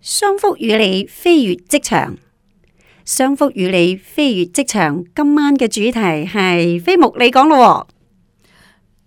商福與你飛越職場，商福與你飛越職場。今晚嘅主題係飛牧，你講咯。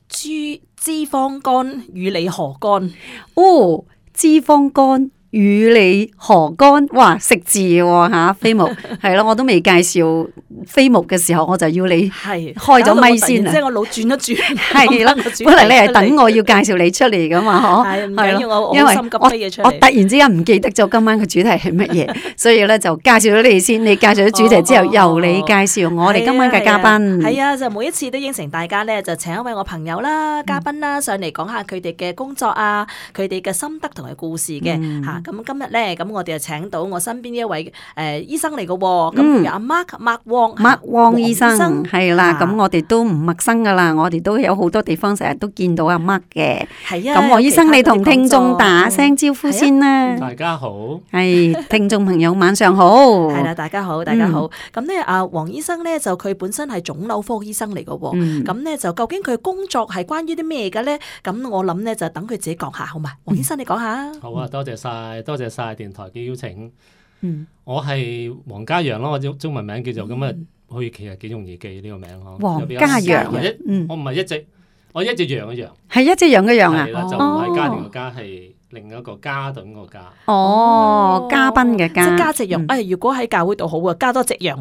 豬脂肪肝與你何干？哦，脂肪肝。與你何干？哇！食字吓、啊，飛木係咯，我都未介紹飛木嘅時候，我就要你開咗咪先啊！即係我腦轉一轉，係咯，本來你係等我要介紹你出嚟噶嘛，嗬？ 係唔緊要，的我我心急啲嘢出嚟。 我突然之間唔記得咗今晚嘅主題係乜嘢，所以咧就介紹咗你哋先。你介紹咗主題之後，由你介紹我哋今晚嘅嘉賓。係啊，就每一次都應承大家咧，就請一位我朋友啦、嘉賓啦上嚟講下佢哋嘅工作啊、佢哋嘅心得同埋故事嘅吓。嗯咁今日咧，咁我哋就請到我身邊呢一位誒醫生嚟嘅，咁阿 Mark Mark Wong，Mark Wong 黃醫生係啦，咁我哋都唔陌生噶啦，我哋都有好多地方成日都見到阿 Mark 嘅。係啊，咁黃醫生你同聽眾打聲招呼先啦。大家好，係聽眾朋友晚上好。係啦，大家好，大家好。咁咧，阿黃醫生咧就佢本身係腫瘤科醫生嚟嘅，咁咧就究竟佢工作係關於啲咩嘅咧？咁我諗咧就等佢自己講下好嘛。黃醫生你講下啊。好啊，多謝晒。係多謝晒電台嘅邀請，嗯、我係黃嘉羊咯，我中中文名叫做咁啊，可以、嗯、其實幾容易記呢個名呵，黃嘉羊，嗯、我唔係一隻，我一隻羊，一羊，係一隻羊嘅羊啊，就唔係家庭嘅家係。哦另一個嘉頓個嘉，哦，嘉賓嘅嘉，即加隻羊。誒，如果喺教會度好啊，加多隻羊。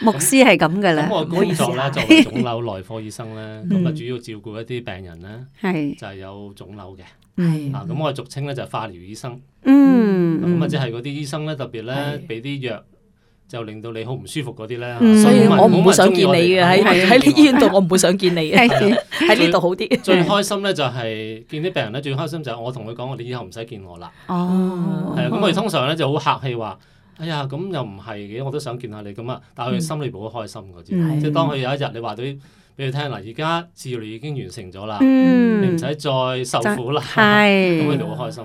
牧師係咁嘅啦。咁我工作咧，作為腫瘤內科醫生咧，咁啊主要照顧一啲病人咧，係就係有腫瘤嘅。嗱，咁我哋俗稱咧就係化療醫生。嗯，咁或即係嗰啲醫生咧，特別咧俾啲藥。就令到你好唔舒服嗰啲咧，所以我唔會想見你嘅喺喺呢醫院度，我唔會想見你嘅喺呢度好啲。最開心咧就係見啲病人咧，最開心就係我同佢講，我哋以後唔使見我啦。哦，係啊，咁佢哋通常咧就好客氣話：哎呀，咁又唔係嘅，我都想見下你咁啊！但係佢心裏部好開心嘅，即係當佢有一日你話俾俾佢聽嗱，而家治療已經完成咗啦，你唔使再受苦啦。咁，佢哋好開心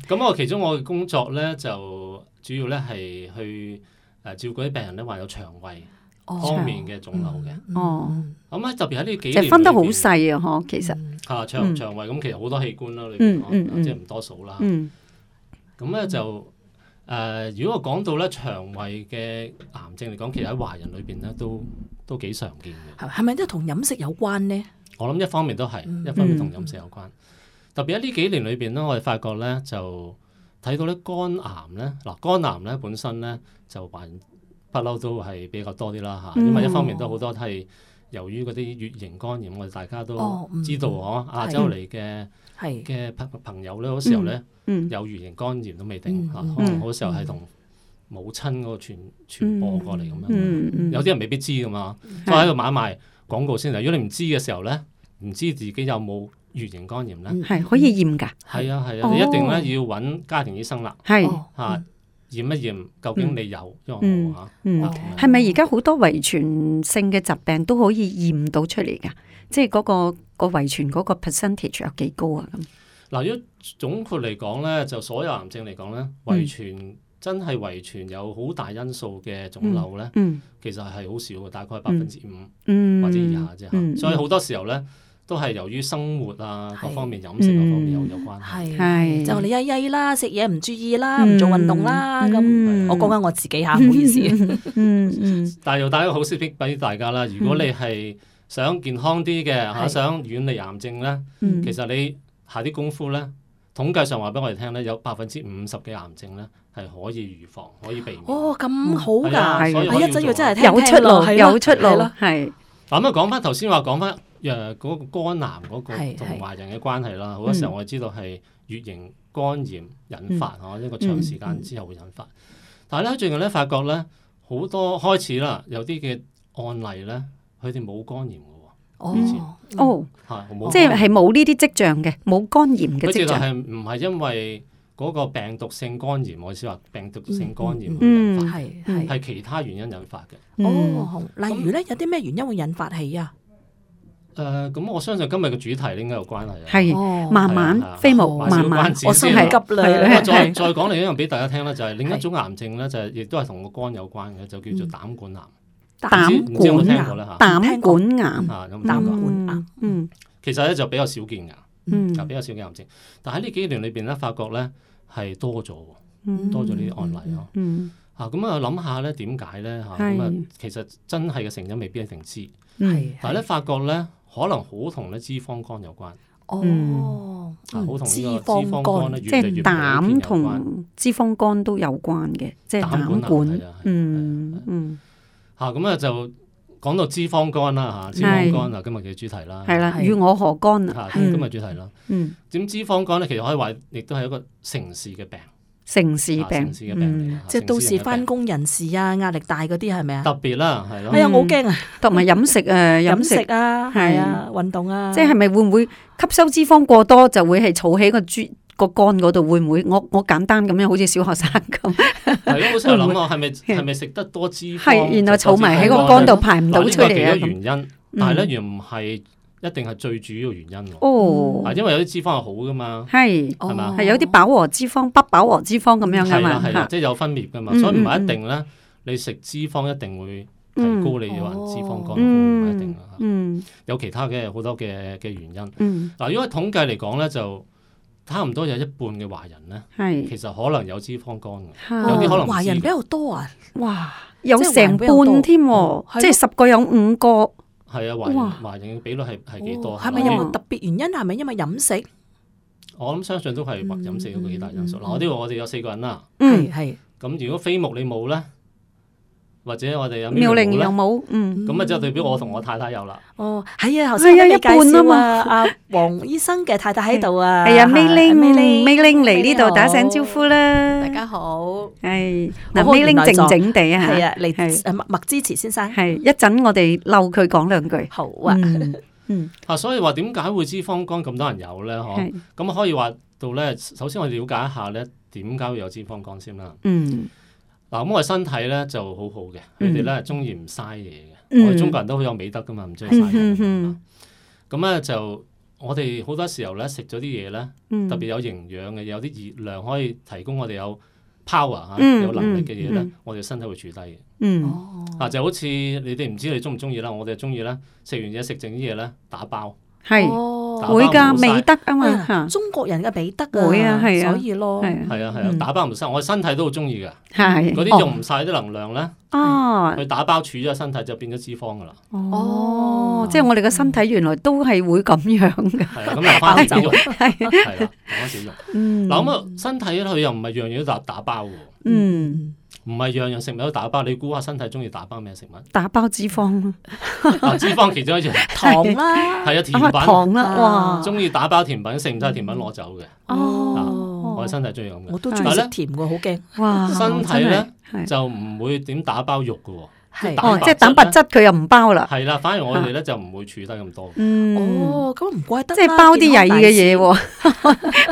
㗎。咁我其中我嘅工作咧就。主要咧係去誒照顧啲病人咧，患有腸胃方面嘅腫瘤嘅。哦，咁咧特別喺呢幾年裏邊，就分得好細啊！嗬，其實嚇腸腸胃咁，其實好多器官啦，裏邊即係唔多數啦。咁咧就誒，如果我講到咧腸胃嘅癌症嚟講，其實喺華人裏邊咧都都幾常見嘅。係咪都同飲食有關咧？我諗一方面都係，一方面同飲食有關。特別喺呢幾年裏邊咧，我哋發覺咧就。睇到咧肝癌咧，嗱肝癌咧本身咧就還不嬲都係比較多啲啦嚇，嗯、因為一方面都好多都係由於嗰啲乙型肝炎，我哋大家都知道嗬，亞洲嚟嘅嘅朋朋友咧嗰時候咧、嗯嗯、有乙型肝炎都未定嚇，嗯嗯、可能嗰時候係同母親嗰個傳傳播過嚟咁、嗯嗯嗯、樣，有啲人未必知㗎嘛，都喺度賣一賣買買廣告先，如果你唔知嘅時候咧，唔知自己有冇。乙型肝炎咧，係可以驗噶，係啊，係啊，你一定咧要揾家庭醫生啦，係嚇，驗一驗究竟你有因個冇啊？嗯，係咪而家好多遺傳性嘅疾病都可以驗到出嚟噶？即係嗰個個遺傳嗰個 percentage 有幾高啊？嗱，總括嚟講咧，就所有癌症嚟講咧，遺傳真係遺傳有好大因素嘅腫瘤咧，其實係好少嘅，大概百分之五，或者以下啫嚇。所以好多時候咧。都係由於生活啊，各方面飲食各方面有有關係。係，就你曳曳啦，食嘢唔注意啦，唔做運動啦咁。我講緊我自己吓，唔好意思。嗯嗯。但又帶個好消息俾大家啦，如果你係想健康啲嘅嚇，想遠離癌症咧，其實你下啲功夫咧，統計上話俾我哋聽咧，有百分之五十嘅癌症咧係可以預防，可以避免。哦，咁好㗎，係。我一陣要真係聽有出路，有出路咯，係。嗱咁啊，講翻頭先話講翻，誒嗰肝癌嗰個同華人嘅關係啦，好多時候我哋知道係乙型肝炎引發嚇，一個長時間之後會引發。但係咧最近咧發覺咧好多開始啦，有啲嘅案例咧，佢哋冇肝炎嘅喎，以前哦嚇，即係係冇呢啲跡象嘅，冇肝炎嘅跡象。係唔係因為嗰個病毒性肝炎？我意思話病毒性肝炎會引發，係其他原因引發嘅。哦，例如咧有啲咩原因會引發起啊？誒咁，我相信今日嘅主題應該有關係。係，慢慢飛牧，慢慢我心係急啦。再再講另一樣俾大家聽啦，就係另一種癌症咧，就係亦都係同個肝有關嘅，就叫做膽管癌。膽管癌，膽管癌，膽管癌。其實咧就比較少見㗎。嗯，比較少見癌症，但喺呢幾年裏邊咧，發覺咧係多咗，多咗呢啲案例咯。嗯，咁啊諗下咧點解咧嚇？咁啊，其實真係嘅成因未必一定知。但係咧發覺咧。可能好同咧脂肪肝有關哦，好同、嗯啊、脂肪肝咧肝，即係膽同脂肪肝都有關嘅，即係膽管，嗯、啊啊啊啊啊、嗯，嚇咁啊就講到脂肪肝啦嚇、啊，脂肪肝就、啊、今日嘅主題啦，係啦與我何干啊？今日主題啦，點、嗯嗯、脂肪肝咧？其實可以話亦都係一個城市嘅病。城市病，即係到時返工人士啊，壓力大嗰啲係咪啊？特別啦，係咯。係啊，我驚啊，同埋飲食啊，飲食啊，係啊，運動啊。即係咪會唔會吸收脂肪過多就會係儲起個豬個肝嗰度？會唔會我我簡單咁樣好似小學生咁？係咯，好似係諗啊，係咪係咪食得多脂肪？係，然後儲埋喺個肝度排唔到出嚟啊！咁，但係咧，原唔係。一定係最主要原因喎，嗱，因為有啲脂肪係好噶嘛，係，係咪？係有啲飽和脂肪、不飽和脂肪咁樣噶嘛，係即係有分別噶嘛，所以唔係一定咧，你食脂肪一定會提高你嘅人脂肪肝，唔一定。有其他嘅好多嘅嘅原因，嗱，如果統計嚟講咧就差唔多有一半嘅華人咧，係其實可能有脂肪肝，有啲可能華人比較多啊。哇，有成半添喎，即係十個有五個。係啊，懷懷孕比率係係幾多？係咪哇來有冇特別原因？係咪、啊、因為飲食？我諗相信都係或飲食有幾大因素。嗱、嗯啊，我呢度我哋有四個人啦、啊。咁、嗯嗯、如果飛牧你冇咧？或者我哋有妙玲又冇，嗯，咁啊，即係代表我同我太太有啦。哦，係啊，頭先啲介紹啊嘛，阿黃醫生嘅太太喺度啊，係啊，妙玲，妙玲，妙玲嚟呢度打聲招呼啦。大家好，係嗱，妙玲靜靜地啊，係啊，嚟誒，默默支持先生，係一陣我哋留佢講兩句。好啊，嗯，吓，所以話點解會脂肪肝咁多人有咧？嗬，咁可以話到咧，首先我了解一下咧，點解會有脂肪肝先啦。嗯。嗱咁我身體咧就好好嘅，佢哋咧中意唔嘥嘢嘅，我哋中國人都好有美德㗎嘛，唔中意嘥嘢。咁咧就我哋好多時候咧食咗啲嘢咧，呢嗯、特別有營養嘅，有啲熱量可以提供我哋有 power 嚇、啊，嗯、有能力嘅嘢咧，嗯嗯、我哋身體會儲低。嗯，啊、哦、就好似你哋唔知你中唔中意啦，我哋中意咧食完嘢食剩啲嘢咧打包。係、嗯。哦會噶美德啊嘛，中國人嘅美德啊，會啊，所以咯，係啊係啊，打包唔晒，我身體都好中意嘅，係嗰啲用唔晒啲能量咧，啊，佢打包儲咗身體就變咗脂肪噶啦，哦，即係我哋嘅身體原來都係會咁樣噶，係咁又翻走囉，係啦，翻少囉，嗱咁啊，身體佢又唔係樣樣都打打包嘅，嗯。唔係樣樣食物都打包，你估下身體中意打包咩食物？打包脂肪 啊，脂肪其中一樣糖啦、啊，係啊 甜品啊糖啦、啊，哇！中意打包甜品，食唔曬甜品攞走嘅。哦，啊、我身體中意咁嘅，我都中意食甜嘅，好驚。哇！身體咧就唔會點打包肉㗎喎。哦，即係蛋白質佢又唔包啦，係啦，反而我哋咧就唔會儲得咁多。嗯，哦，咁唔怪得，即係包啲曳嘅嘢喎，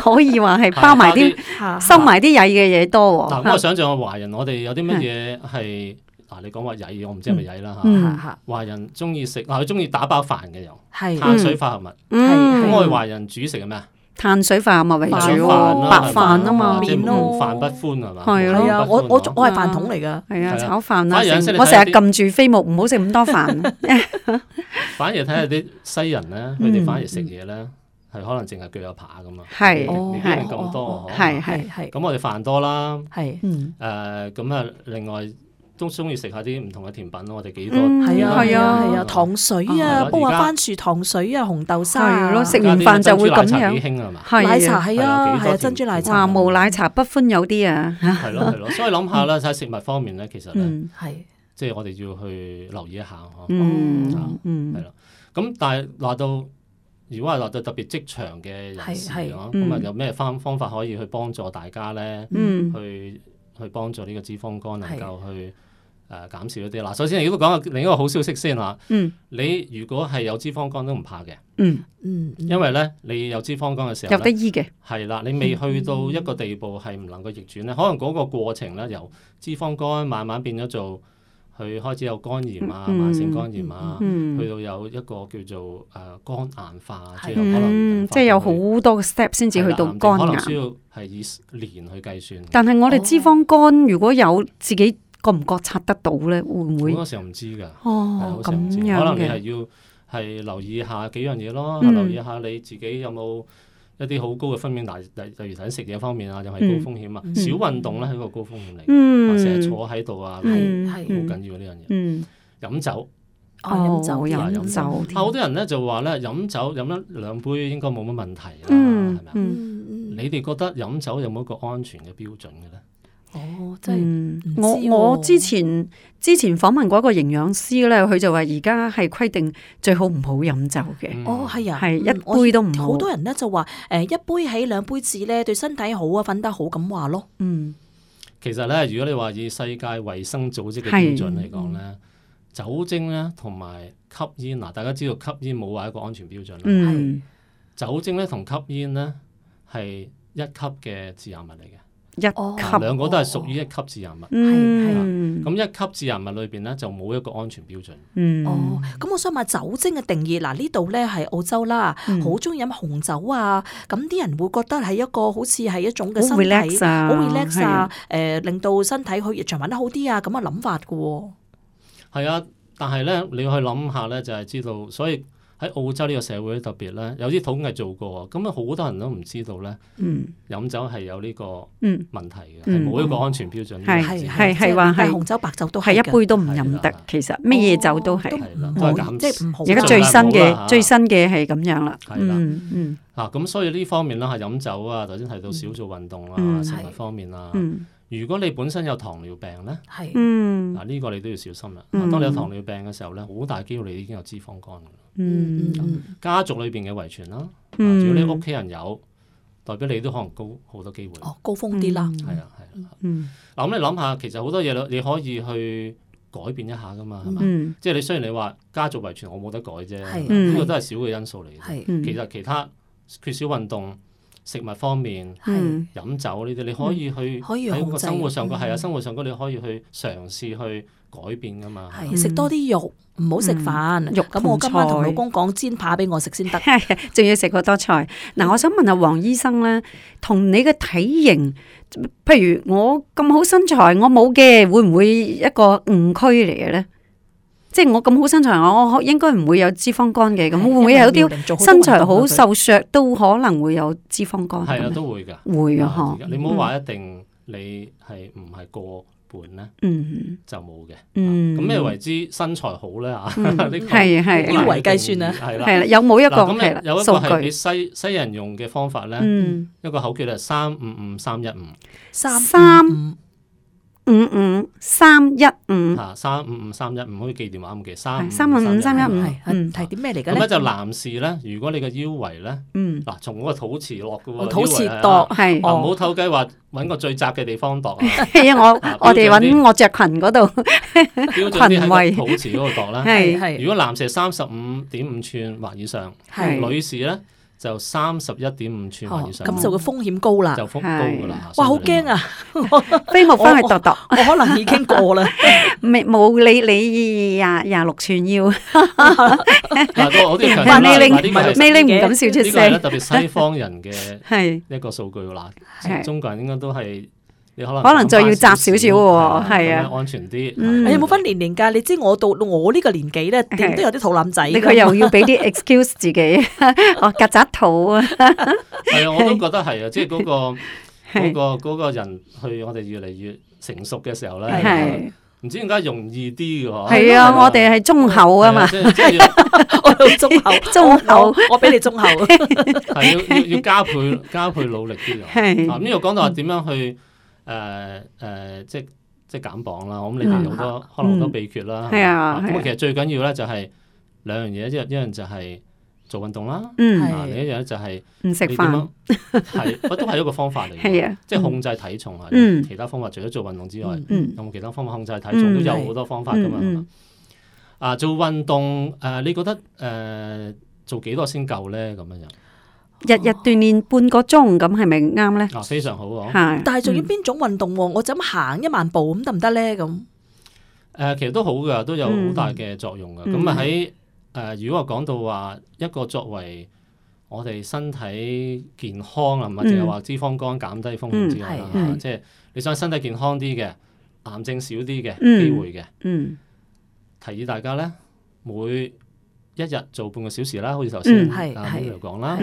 可以話係包埋啲收埋啲曳嘅嘢多。嗱，我想像華人我哋有啲乜嘢係嗱，你講話曳，我唔知係咪曳啦嚇。華人中意食嗱，佢中意打包飯嘅又係碳水化合物。咁我哋華人煮食係咩啊？碳水飯啊嘛，為主，白飯啊嘛麵咯。飯不歡係嘛？係咯，我我我係飯桶嚟㗎，係啊炒飯啊，我成日撳住飛牧，唔好食咁多飯。反而睇下啲西人咧，佢哋反而食嘢咧，係可能淨係鋸下扒咁啊。係，唔俾咁多。係係係。咁我哋飯多啦。係。嗯。咁啊，另外。都中意食下啲唔同嘅甜品咯，我哋幾多？嗯，係啊，係啊，係啊，糖水啊，煲下番薯糖水啊，紅豆沙啊，食完飯就會咁樣。係啊，奶茶係嘛？奶茶係啊，係珍珠奶茶。哇，無奶茶不歡，有啲啊。係咯係咯，所以諗下啦，喺食物方面咧，其實嗯係，即係我哋要去留意一下嚇。嗯係咯。咁但係落到如果係落到特別職場嘅人士咯，咁啊有咩方方法可以去幫助大家咧？嗯，去去幫助呢個脂肪肝能夠去。誒減少一啲啦，首先如果講下另一個好消息先啦。你如果係有脂肪肝都唔怕嘅。嗯嗯，因為咧，你有脂肪肝嘅時候，有得醫嘅。係啦，你未去到一個地步係唔能夠逆轉咧，可能嗰個過程咧，由脂肪肝慢慢變咗做佢開始有肝炎啊、慢性肝炎啊，去到有一個叫做誒肝硬化，即係可能。即係有好多個 step 先至去到肝硬化，需要係以年去計算。但係我哋脂肪肝如果有自己。覺唔覺察得到咧？會唔會？嗰個時候唔知噶。哦，咁樣嘅，可能你係要係留意下幾樣嘢咯，留意下你自己有冇一啲好高嘅分辨，例例如喺食嘢方面啊，又係高風險啊，小運動咧係個高風險嚟，嗯，成日坐喺度啊，係好緊要呢樣嘢，嗯，飲酒，哦，飲酒，啊，好多人咧就話咧飲酒飲一兩杯應該冇乜問題啊，係咪你哋覺得飲酒有冇一個安全嘅標準嘅咧？哦，oh, 真係、嗯，啊、我我之前之前訪問過一個營養師咧，佢就話而家係規定最好唔好飲酒嘅。哦，係啊，係一杯都唔好。好多人咧就話，誒，一杯起兩杯止咧對身體好啊，瞓得好咁話咯。嗯，其實咧，如果你話以世界衛生組織嘅標準嚟講咧，是嗯、酒精咧同埋吸煙啊，大家知道吸煙冇話一個安全標準啦。嗯，酒精咧同吸煙咧係一級嘅致癌物嚟嘅。一級兩個都係屬於一級致癌物。嗯，咁、啊、一級致癌物裏邊咧就冇一個安全標準。嗯，哦，咁我想問酒精嘅定義。嗱呢度咧係澳洲啦，好鍾意飲紅酒啊，咁啲人會覺得係一個好似係一種嘅身體好 relax 啊，誒，令到身體去日常運得好啲啊咁嘅諗法嘅喎、啊。係啊，但係咧你去諗下咧，就係、是、知道，所以。喺澳洲呢個社會特別咧，有啲土藝做過，咁啊好多人都唔知道咧，飲酒係有呢個問題嘅，係冇一個安全標準。係係係話係紅酒白酒都係一杯都唔飲得，其實咩嘢酒都係都唔好，即係而家最新嘅最新嘅係咁樣啦。嗯嗯。嗱咁所以呢方面啦，係飲酒啊，頭先提到少做運動啊，食物方面啊。如果你本身有糖尿病咧，係嗱呢個你都要小心啦。嗯。當你有糖尿病嘅時候咧，好大機會你已經有脂肪肝。家族裏邊嘅遺傳啦，只要你屋企人有，代表你都可能高好多機會。哦，高峰啲啦。係啊係。啊。嗱，咁你諗下，其實好多嘢你可以去改變一下噶嘛，係嘛？即係你雖然你話家族遺傳，我冇得改啫，呢個都係少嘅因素嚟。嘅。其實其他缺少運動。食物方面，嗯、飲酒呢啲你可以去喺、嗯、個生活上嗰，嗯、啊生活上你可以去嘗試去改變噶嘛。係食、嗯、多啲肉，唔好食飯、嗯、肉。咁我今晚同老公講煎扒俾我食先得，仲 要食好多菜。嗱，我想問下黃醫生咧，同你嘅體型，譬如我咁好身材，我冇嘅，會唔會一個誤區嚟嘅咧？即係我咁好身材，我應該唔會有脂肪肝嘅。咁會唔會有啲身材好瘦削都可能會有脂肪肝？係啊，都會㗎。會嘅的、嗯、你唔好話一定你係唔係過半咧？嗯，就冇嘅。嗯、啊。咁咩為之身材好咧？啊、嗯，呢、嗯這個係腰圍計算啦。係啦，有冇一個？咁有有一個係俾西西人用嘅方法咧。一個口訣就係三五五三一五。三五五五三一五，吓三五五三一五可以記電話咁記，三五五五三一五，嗯，係啲咩嚟嘅咧？咁咧就男士咧，如果你嘅腰圍咧，嗱，從嗰個肚臍落嘅喎，肚臍度係，唔好偷雞話，揾個最窄嘅地方度啊！我我哋揾我着裙嗰度，裙位，肚臍嗰度度啦。係係，如果男士三十五點五吋或以上，係女士咧。就三十一點五寸以上，咁就個風險高啦，就風險高噶啦，是哇！好驚啊，飛牧翻去揼揼，我可能已經過啦，未冇 你你廿廿六寸要。嗱， 我啲長啦，唔你是敢笑出聲。特別西方人嘅一個數據啦， 是是中國人應該都係。可能再要窄少少喎，係啊，安全啲。你有冇分年齡噶？你知我到我呢個年紀咧，點都有啲肚腩仔。你佢又要俾啲 excuse 自己，哦，曱甴肚啊！係啊，我都覺得係啊，即係嗰個嗰個嗰個人去，我哋越嚟越成熟嘅時候咧，係唔知點解容易啲嘅嗬？係啊，我哋係忠厚啊嘛，我忠厚，忠厚，我俾你忠厚，係要要要加倍加倍努力啲啊！係，咁又講到話點樣去。誒誒，即即、uh, uh, 就是就是、減磅啦，我諗你哋好多可能好多秘訣啦。係、嗯、啊，咁其實最緊要咧就係兩樣嘢，一一樣就係做運動啦。嗯，另一樣就係唔食飯。係，都係一個方法嚟嘅。係啊，即控制體重啊，其他方法除咗做運動之外，有冇其他方法控制體重？都有好多方法噶嘛。啊，做運動誒，你覺得誒做幾多先夠咧？咁樣樣。日日鍛煉半個鐘，咁係咪啱咧？哦，非常好哦。係，但係仲要邊種運動？我就咁行一萬步咁得唔得咧？咁誒，其實都好噶，都有好大嘅作用噶。咁啊喺誒，如果我講到話一個作為我哋身體健康啊，唔係淨係話脂肪肝減低風險之外啦，吓即係你想身體健康啲嘅，癌症少啲嘅機會嘅，嗯，提議大家咧，每一日做半個小時啦，好似頭先啊咁樣講啦。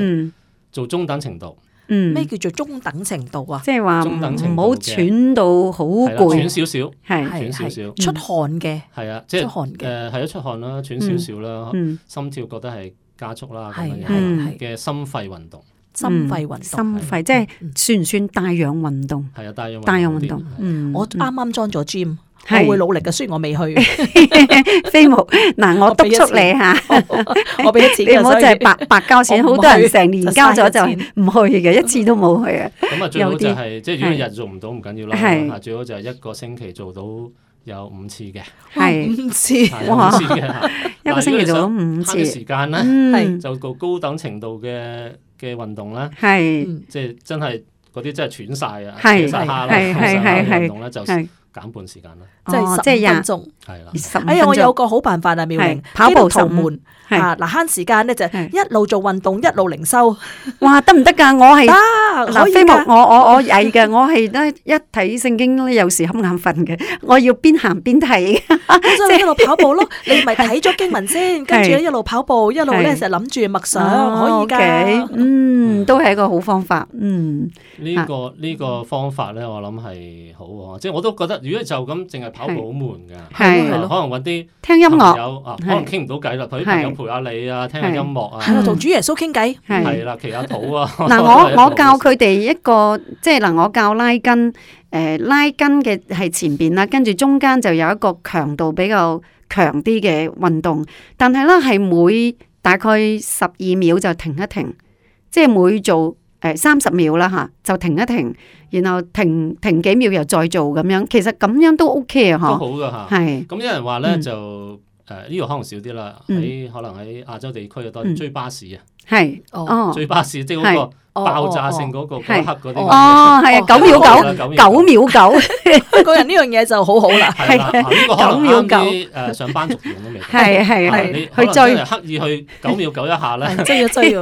做中等程度，咩叫做中等程度啊？即係話唔好喘到好攰，喘少少，係少少，出汗嘅，係啊，即係出汗嘅。係啊，出汗啦，喘少少啦，心跳覺得係加速啦咁樣嘅心肺運動，心肺運動，心肺即係算唔算帶氧運動？係啊，帶氧運動，帶氧運動，我啱啱裝咗 gym。係會努力嘅，雖然我未去飛牧嗱，我督促你吓，我俾一次，你唔好就係白白交錢，好多人成年交咗就唔去嘅，一次都冇去啊。咁啊，最好就係即係，如果日做唔到唔緊要啦，最好就係一個星期做到有五次嘅，係五次，五次嘅一個星期做到五次時間啦，係就個高等程度嘅嘅運動啦，係即係真係嗰啲真係喘晒啊，喘晒吓啦，同晒蝦運動咧就。減半時間啦，即係十五分鐘，係啦，十五。哎呀，我有個好辦法啊，妙玲，跑步十門啊，嗱，慳時間咧就一路做運動一路靈修，哇，得唔得噶？我係得，可以噶。我我我矮嘅，我係咧一睇聖經咧有時瞌眼瞓嘅，我要邊行邊睇，咁所以一路跑步咯。你咪睇咗經文先，跟住咧一路跑步一路咧成日諗住默想，可以噶，嗯，都係一個好方法，嗯。呢個呢個方法咧，我諗係好啊，即係我都覺得。如果就咁淨係跑步好悶㗎，係咯，可能揾啲聽音樂友啊，可能傾唔到偈啦，同啲朋友陪下你啊，聽下音樂啊，係啊，同主耶穌傾偈，係啦，祈下禱啊。嗱，我我教佢哋一個，即係嗱，我教拉筋，誒拉筋嘅係前邊啦，跟住中間就有一個強度比較強啲嘅運動，但係咧係每大概十二秒就停一停，即係每做。誒三十秒啦嚇、啊，就停一停，然後停停幾秒又再做咁樣，其實咁樣都 OK 啊，嗬，都好噶嚇，係是。咁有人話咧、嗯、就誒呢、呃這個可能少啲啦，喺、嗯、可能喺亞洲地區多、嗯、追巴士啊，係是哦，追巴士即係嗰個。爆炸性嗰個骨核嗰啲，哦係啊，九秒九，九秒九，個人呢樣嘢就好好啦。係啦，九秒九，誒，上班族用都未。係係係，去追刻意去九秒九一下咧，追一追。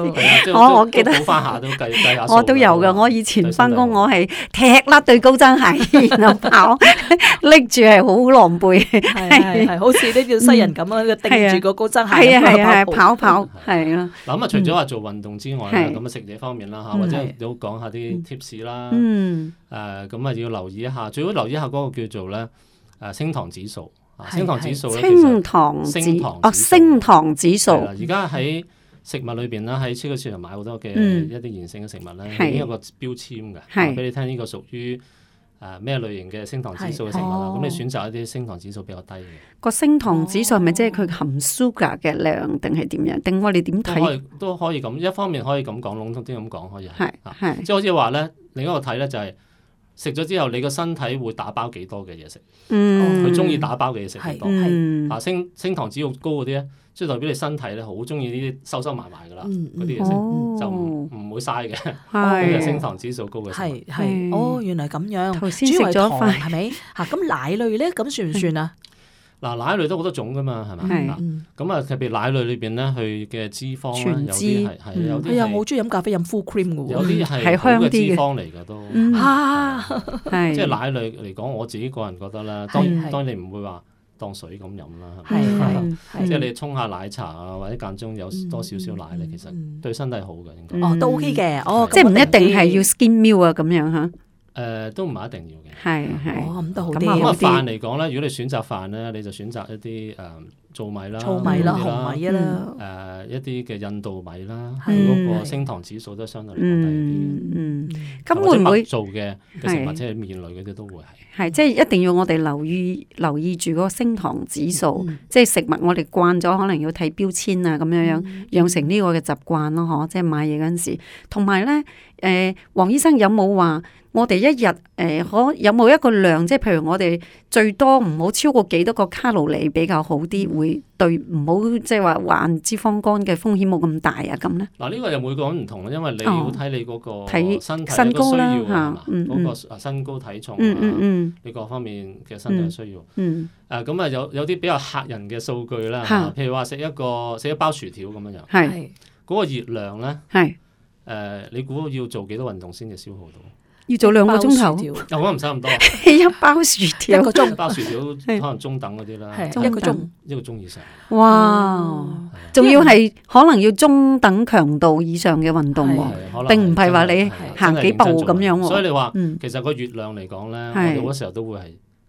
我我記得補翻下都計計下數。我都有噶，我以前翻工我係踢甩對高踭鞋，然後跑拎住係好狼狽，係係，好似啲叫西人咁啦，定住個高踭鞋咁跑跑。係啊。嗱咁啊，除咗話做運動之外，咁啊食嘢方面啦。或者都講一下啲 tips 啦，誒咁、嗯嗯、啊要留意一下，最好留意一下嗰個叫做咧誒、啊、升糖指數，是是升糖指數咧，升糖升糖哦升糖指數。而家喺食物裏邊啦，喺超級市場買好多嘅一啲現成嘅食物咧，嗯、已經有個標籤㗎，俾是、啊、你聽呢個屬於，誒咩、呃、類型嘅升糖指數嘅食物啦，咁、哦、你選擇一啲升糖指數比較低嘅。個升糖指數係咪即係佢含 sugar 嘅量定係點樣？定我哋點睇？都可以都可以咁，一方面可以咁講，籠統啲咁講可以係、啊，即係好似話咧，另一個睇咧就係食咗之後，你個身體會打包幾多嘅嘢食？佢中意打包嘅嘢食多，嗯、啊升升糖指數高嗰啲咧。即係代表你身體咧，好中意呢啲收收埋埋噶啦，嗰啲嘢食，就唔唔會嘥嘅，咁就升糖指數高嘅。係係，哦，原來咁樣，主要為糖係咪？咁奶類咧，咁算唔算啊？嗱，奶類都好多種噶嘛，係咪？咁啊，特別奶類裏邊咧，佢嘅脂肪，有啲係係有啲係，我好中意飲咖啡飲 full cream 嘅喎，有啲係香嘅脂肪嚟嘅都。即係奶類嚟講，我自己個人覺得啦，當然當然你唔會話。當水咁飲啦， 即係你沖下奶茶啊， 或者間中有多少少奶咧，其實、嗯、對身體好嘅、嗯、應該。嗯、哦，都 OK 嘅，哦，即係唔一定係要 skim milk 啊咁樣嚇。誒都唔係一定要嘅，係係。咁都好啲。咁啊飯嚟講咧，如果你選擇飯咧，你就選擇一啲誒糙米啦、糙米啦、紅米啦、誒一啲嘅印度米啦，佢嗰個升糖指數都相對嚟講低啲。嗯，咁會唔會做嘅食物即係麵類嗰啲都會係？係即係一定要我哋留意留意住嗰個升糖指數，即係食物我哋慣咗可能要睇標籤啊咁樣樣，養成呢個嘅習慣咯。嗬，即係買嘢嗰陣時，同埋咧誒，黃醫生有冇話？我哋一日誒可、呃、有冇一個量？即係譬如我哋最多唔好超過幾多個卡路里比較好啲，會對唔好即係話患脂肪肝嘅風險冇咁大啊咁咧？嗱，呢個就每個人唔同啦，因為你要睇你嗰個身體個、哦、身高啦，嚇，嗯身高體重你、啊嗯嗯嗯嗯、各方面嘅身體需要，嗯，誒、嗯、咁、嗯、啊有有啲比較嚇人嘅數據啦、啊嗯、譬如話食一個食一包薯條咁樣樣，係嗰係係個熱量咧，係、呃、誒你估要做幾多運動先至消耗到？要做兩個鐘頭，又我唔使咁多，一包薯條一個鐘，一包薯條可能中等嗰啲啦，一個鐘一個鐘以上，哇！仲要係可能要中等強度以上嘅運動喎，並唔係話你行幾步咁樣喎。所以你話，其實個月亮嚟講咧，我哋好多時候都會係，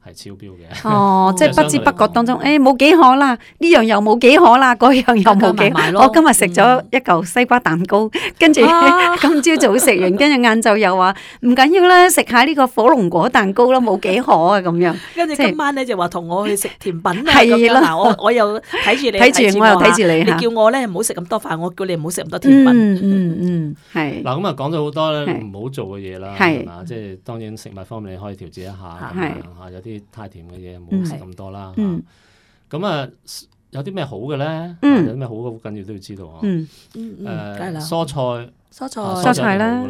係超標嘅。哦，即係不知不覺當中，誒，冇幾可啦，呢樣又冇幾可啦，嗰樣又冇幾。我今日食咗一嚿西瓜蛋糕，跟住今朝早食完，跟住晏晝又話唔緊要啦，食下呢個火龍果蛋糕啦，冇幾可啊咁樣。跟住今晚咧就話同我去食甜品啊咁樣。嗱，我我又睇住你。睇住，我又睇住你。你叫我咧唔好食咁多飯，我叫你唔好食咁多甜品。嗯嗯嗯，係。嗱咁啊，講咗好多咧唔好做嘅嘢啦，係嘛？即係當然食物方面你可以調節一下咁樣吓，有啲。太甜嘅嘢冇食咁多啦嚇，咁啊有啲咩好嘅咧？有啲咩好嘅好緊要都要知道啊！嗯嗯，誒，蔬菜，蔬菜，蔬菜啦！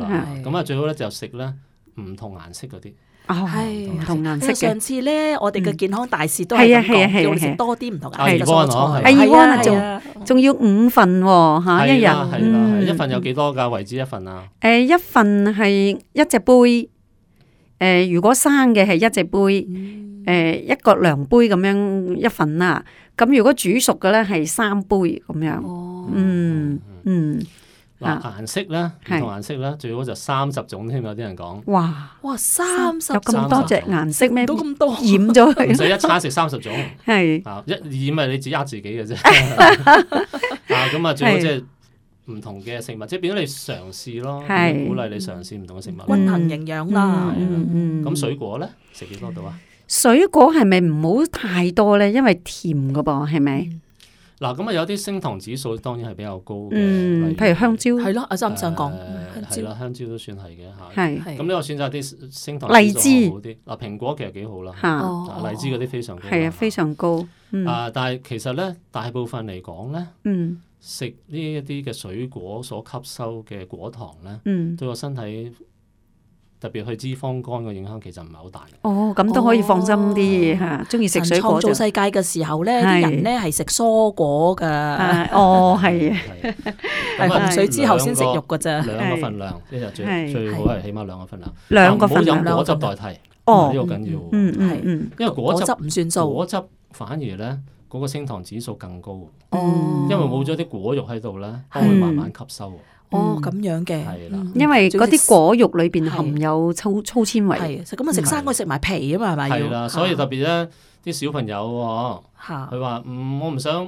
咁啊最好咧就食咧唔同顏色嗰啲，係唔同顏色嘅。上次咧我哋嘅健康大事都係講要食多啲唔同顏色。阿二哥，阿二哥仲仲要五份喎嚇，一日係啦，一份有幾多㗎？為之一份啊？誒，一份係一隻杯。誒，如果生嘅係一隻杯，嗯，誒一個量杯咁樣一份啦。咁如果煮熟嘅咧係三杯咁樣，嗯。哦，嗯嗯。嗱、嗯，right、yeah, 顏色咧，唔同哇十顏色咧，最好就三十種添，有啲人講，哇哇三十咁多隻顏色咩？都咁多染咗，唔使一餐食三十種。係啊，一染咪你自己呃自己嘅啫。啊，咁啊，最好即係，唔同嘅食物，即係變咗你嘗試咯，鼓勵你嘗試唔同嘅食物。均衡營養啦，咁水果咧食幾多度啊？水果係咪唔好太多咧？因為甜噶噃，係咪？嗱，咁啊有啲升糖指數當然係比較高嘅，嗯，譬如香蕉係咯，我就咁想講，係啦，香蕉都算係嘅吓。係咁，呢個選擇啲升糖指數。荔枝嗱，蘋果其實幾好啦，哦，荔枝嗰啲非常係啊，非常高。啊，但係其實咧，大部分嚟講咧，嗯。食呢一啲嘅水果所吸收嘅果糖咧，對個身體特別去脂肪肝嘅影響其實唔係好大。哦，咁都可以放心啲嚇。中意食水果，創造世界嘅時候咧，啲人咧係食蔬果噶。哦，係。咁係洪水之後先食肉噶啫。兩個份量，一日最最好係起碼兩個份量。兩個份量。唔好飲果汁代替，呢個緊要。嗯，嗯因為果汁唔算數，果汁反而咧。嗰個升糖指數更高，因為冇咗啲果肉喺度咧，佢會慢慢吸收。哦，咁樣嘅，因為嗰啲果肉裏邊含有粗粗纖維，係咁啊食生果食埋皮啊嘛，係咪？係啦，所以特別咧，啲小朋友，佢話唔，我唔想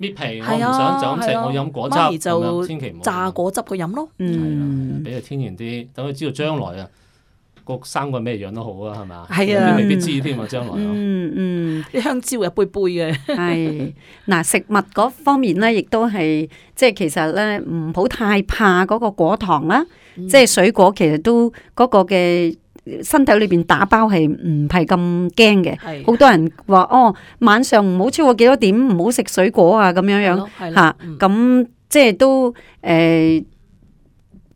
搣皮，我唔想就咁食，我飲果汁咁啦，千祈唔好榨果汁佢飲咯。嗯，俾佢天然啲，等佢知道將來啊。三個生個咩樣都好啊，係、嗯、嘛？係、嗯、啊，你未必知添啊，將來。嗯嗯，啲香蕉又杯杯嘅。係嗱， 食物嗰方面咧，亦都係即係其實咧，唔好太怕嗰個果糖啦。嗯、即係水果其實都嗰、嗰個嘅身體裏邊打包係唔係咁驚嘅。好是多人話哦，晚上唔好超過幾多點，唔好食水果啊，咁樣樣吓。咁、嗯啊、即係都誒。呃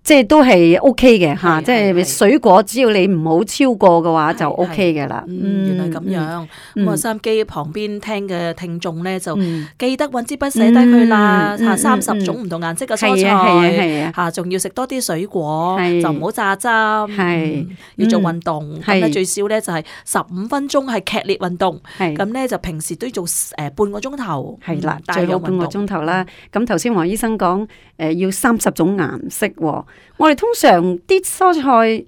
即係都係 O K 嘅吓，即係水果，只要你唔好超過嘅話就 O K 嘅啦。嗯，原來咁樣。咁啊，收音機旁邊聽嘅聽眾咧，就記得揾支筆寫低佢啦。吓，三十種唔同顏色嘅蔬菜，吓，仲要食多啲水果，就唔好榨汁，要做運動。咁咧最少咧就係十五分鐘係劇烈運動，咁咧就平時都要做誒半個鐘頭。係啦，最好半個鐘頭啦。咁頭先黃醫生講誒，要三十種顏色。我哋通常啲蔬菜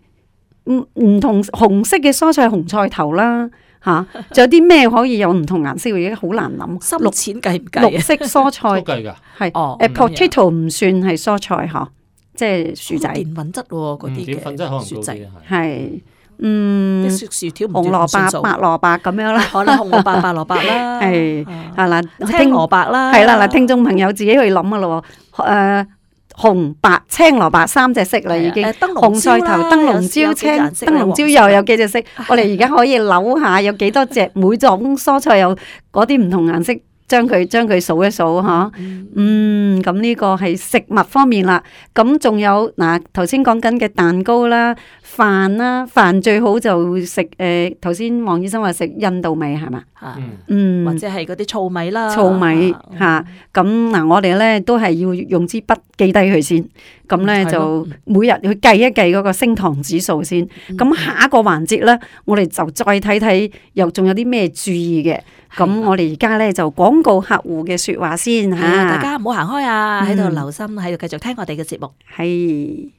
唔唔同紅色嘅蔬菜紅菜頭啦，吓，仲有啲咩可以有唔同顏色嘅？而家好難諗。深淺計唔計？綠色蔬菜計噶係。哦，誒，potato 唔算係蔬菜嗬，即係薯仔。澱粉質嗰啲嘅。澱粉質可能多啲係。係，嗯，啲薯條、紅蘿蔔、白蘿蔔咁樣啦。係啦，紅蘿蔔、白蘿蔔啦。係，吓嗱，青蘿蔔啦。係啦，嗱，聽眾朋友自己去諗噶咯。誒。紅白青蘿蔔三隻色，啊經嗯、啦，已經紅菜頭、燈籠椒、青燈籠椒有個又有幾隻色？ 我哋而家可以扭下有，有幾多隻？每種蔬菜有嗰啲唔同顏色。將佢將佢數一數，嗬、啊，嗯，咁呢、嗯、個係食物方面啦。咁仲有嗱，頭先講緊嘅蛋糕啦、飯啦，飯最好就食誒，頭先黃醫生話食印度米，係嘛，啊、嗯，或者係嗰啲糙米啦，糙米吓。咁嗱，我哋咧都係要用支筆記低佢先。咁咧就每日去計一計嗰個升糖指數先。咁下一個環節咧，我哋就再睇睇，又仲有啲咩注意嘅。咁我哋而家咧就廣告客戶嘅說話先吓，大家唔好行開啊！喺度留心，喺度繼續聽我哋嘅節目。係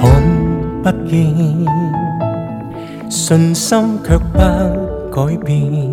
看不見，信心卻不改變。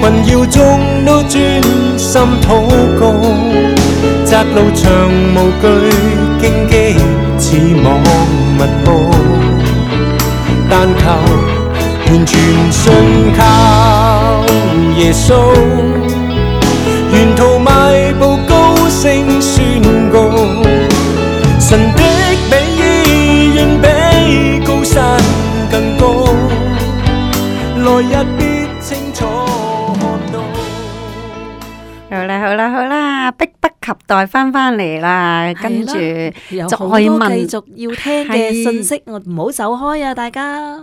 困擾中都專心禱告，窄路長無懼，荊棘似霧密布，但求完全信靠耶穌。沿途邁步高聲宣告，神的美意遠比高山更高，來日。帶翻翻嚟啦，跟住的就可以繼續要聽嘅信息，我唔好走開啊！大家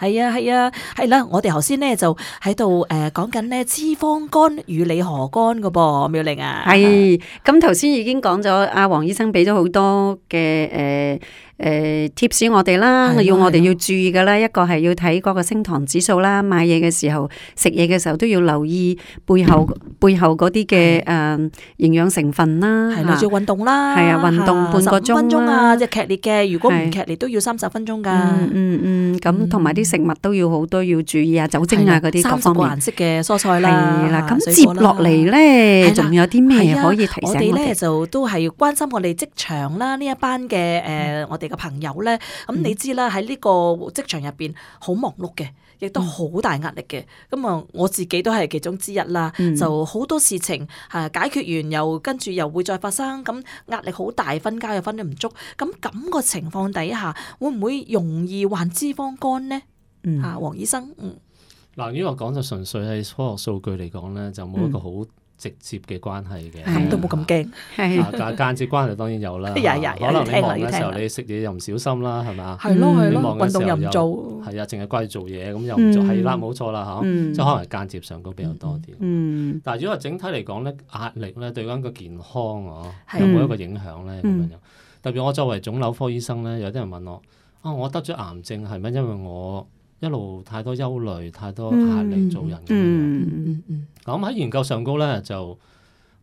係啊，係啊的，係啦的！我哋頭先咧就喺度誒講緊咧脂肪肝與你何干嘅噃，妙玲啊，係咁頭先已經講咗阿黃醫生俾咗好多嘅誒。呃誒、呃、貼士我哋啦，係咪要我哋要注意嘅啦，一個係要睇嗰個升糖指數啦，買嘢嘅時候、食嘢嘅時候都要留意背後。背後嗰啲嘅誒營養成分啦，係啦，要運動啦，係啊，運動半個鐘啊，即係劇烈嘅，如果唔劇烈都要三十分鐘噶，嗯。嗯嗯，咁同埋啲食物都要好多要注意啊，酒精啊，嗰啲各種顏色嘅蔬菜啦，係啦，咁接落嚟咧，仲有啲咩可以提醒我哋咧？就都係要關心我哋職場啦，呢一班嘅誒、嗯嗯、我哋嘅朋友咧，咁你知啦，喺呢個職場入邊好忙碌嘅。亦都好大壓力嘅，咁啊我自己都係其中之一啦，嗯、就好多事情係解決完又，又跟住又會再發生，咁壓力好大，瞓覺又瞓得唔足，咁咁個情況底下，會唔會容易患脂肪肝呢？嚇、嗯，黃、啊、醫生，嗯，嗱，如果講就純粹喺科學數據嚟講咧，就冇一個好，嗯直接嘅關係嘅，都冇咁驚。係間接關係當然有啦。可能你忙嘅時候你食嘢又唔小心啦，係咪？係咯你忙嘅時候又唔做。係啊，淨係掛住做嘢咁又唔做，係啦冇錯啦嚇。即係可能間接上高比較多啲。但係如果話整體嚟講咧，壓力咧對緊個健康嗬，有冇一個影響咧咁樣？特別我作為腫瘤科醫生咧，有啲人問我：啊，我得咗癌症係咪因為我？一路太多憂慮，太多壓力，做人咁喺、嗯嗯嗯、研究上高咧，就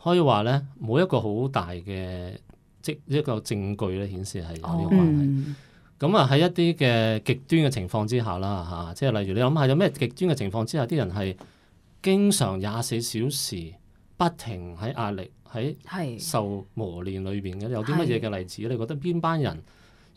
可以話咧，冇一個好大嘅即一個證據咧，顯示係有呢個關係。咁、哦嗯、啊，喺一啲嘅極端嘅情況之下啦，嚇，即係例如你諗下有咩極端嘅情況之下，啲人係經常廿四小時不停喺壓力喺受磨練裏邊嘅。是有啲乜嘢嘅例子？是你覺得邊班人？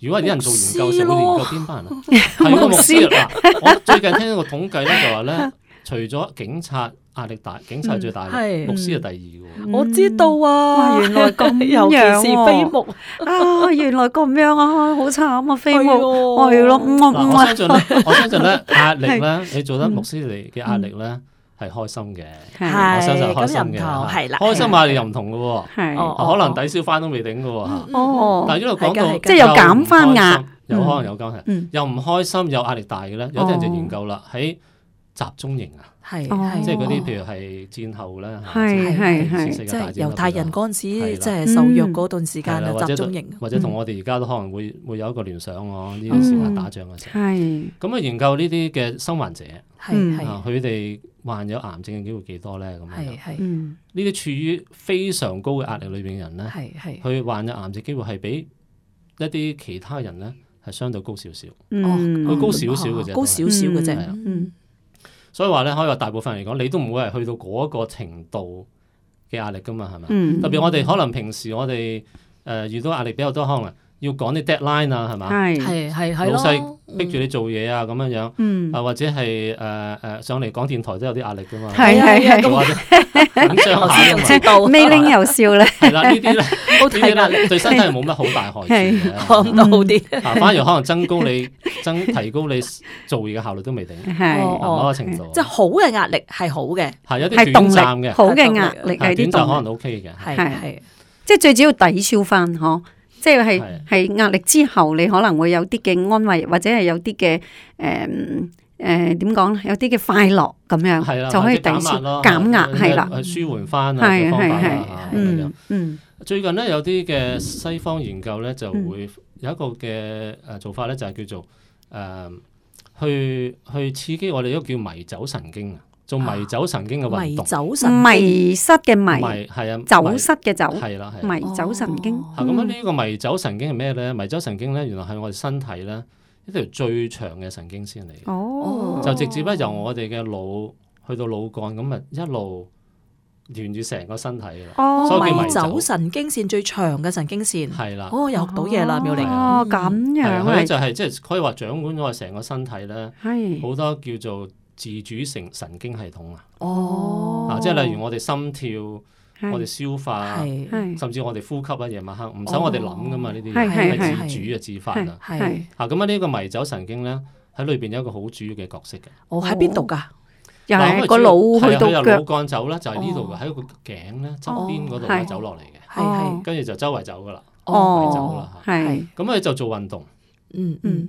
如果啲人做研究，做研究邊班人啊？係個 牧師啦、 啊。我最近聽一個統計咧，就話咧，除咗警察壓力大，警察最大，嗯、牧師啊第二嘅、嗯、我知道啊，原來咁樣、啊。尤其是飛牧啊，原來咁樣啊，好慘啊，飛牧，我要咯，我唔係。嗱，我相信咧，我相信咧，壓力咧，你做得牧師嚟嘅壓力咧。嗯嗯係開心嘅，我相信開心嘅，係啦，開心買嚟又唔同嘅喎，可能抵消翻都未頂嘅喎，但係一路講到即係又減翻壓，有可能有關係，又唔開心，又壓力大嘅咧，有啲人就研究啦，喺集中營啊，係，即係嗰啲譬如係戰後咧，係係係，即係猶太人嗰陣時，即係受虐嗰段時間啊，集中營，或者同我哋而家都可能會會有一個聯想咯，呢個時候打仗嘅時候，係，咁啊研究呢啲嘅生還者。啊，佢哋是患有癌症嘅機會幾多咧？咁樣，呢啲是是 處於非常高嘅壓力裏邊嘅人咧，佢患有癌症機會係比一啲其他人咧係相對高少少。哦，佢高少少嘅啫，高少少嘅啫。嗯，啊、嗯所以話咧，可以話大部分嚟講，你都唔會係去到嗰個程度嘅壓力㗎嘛，係咪？嗯、特別我哋可能平時我哋誒、呃、遇到壓力比較多可能。要趕啲 deadline 啊，係嘛？係係係，老細逼住你做嘢啊，咁樣樣啊，或者係誒誒上嚟講電台都有啲壓力㗎嘛？係係係，鄉下都未拎又笑咧。係啦，呢啲呢，都睇啦，對身體係冇乜好大害處嘅，好啲。反而可能增高你增提高你做嘢嘅效率都未定，係某個程度。即係好嘅壓力係好嘅，有啲短暫嘅好嘅壓力係短暫可能 OK 嘅，係係。即係最主要抵消返呵。即係係壓力之後，你可能會有啲嘅安慰，或者係有啲嘅誒誒，點、呃、講、呃、有啲嘅快樂咁樣，係嘅就可以抵消減壓係啦，舒緩翻啊嘅方法啊。嗯嗯，最近咧有啲嘅西方研究咧就會有一個嘅誒做法咧，就係叫做誒去、嗯嗯、去刺激我哋一個叫迷走神經啊。做迷走神經嘅運動，迷走神經，迷失嘅迷，迷，係啊，走失嘅走，係啦，係迷走神經。啊，咁樣呢個迷走神經係咩咧？迷走神經咧，原來係我哋身體咧一條最長嘅神經線嚟。哦，就直接咧由我哋嘅腦去到腦幹，咁咪一路沿住成個身體嘅啦。所以叫迷走神經線最長嘅神經線，係啦。哦，又學到嘢啦，妙玲。哦，咁樣，佢咧就係即係可以話掌管咗我哋成個身體咧。好多叫做。自主性神經系統啊，哦，啊，即係例如我哋心跳，我哋消化，甚至我哋呼吸啊，夜晚黑唔使我哋諗噶嘛，呢啲係自主啊，自發啊，係啊，咁啊呢個迷走神經咧喺裏邊有一個好主要嘅角色嘅。哦，喺邊度噶？又係個腦去到腦幹走啦，就係呢度嘅喺個頸咧側邊嗰度咧走落嚟嘅，跟住就周圍走噶啦，哦，走啦，係咁佢就做運動，嗯嗯，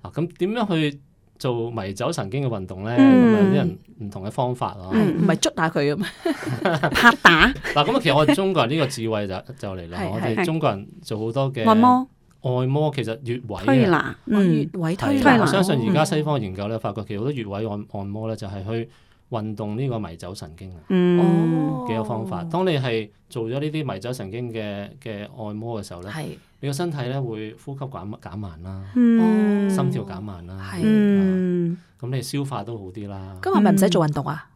啊，咁點樣去？做迷走神經嘅運動咧，咁啊啲人唔同嘅方法咯，唔係捉下佢咁，拍打。嗱咁其實我哋中國人呢個智慧就就嚟啦，我哋中國人做好多嘅按摩，按摩其實穴位啊，穴位推拿。我相信而家西方研究咧，發覺其實好多穴位按按摩咧，就係去運動呢個迷走神經嘅幾個方法。當你係做咗呢啲迷走神經嘅嘅按摩嘅時候咧。你個身體咧會呼吸減減慢啦，心跳減慢啦，係，咁你消化都好啲啦。咁係咪唔使做運動啊？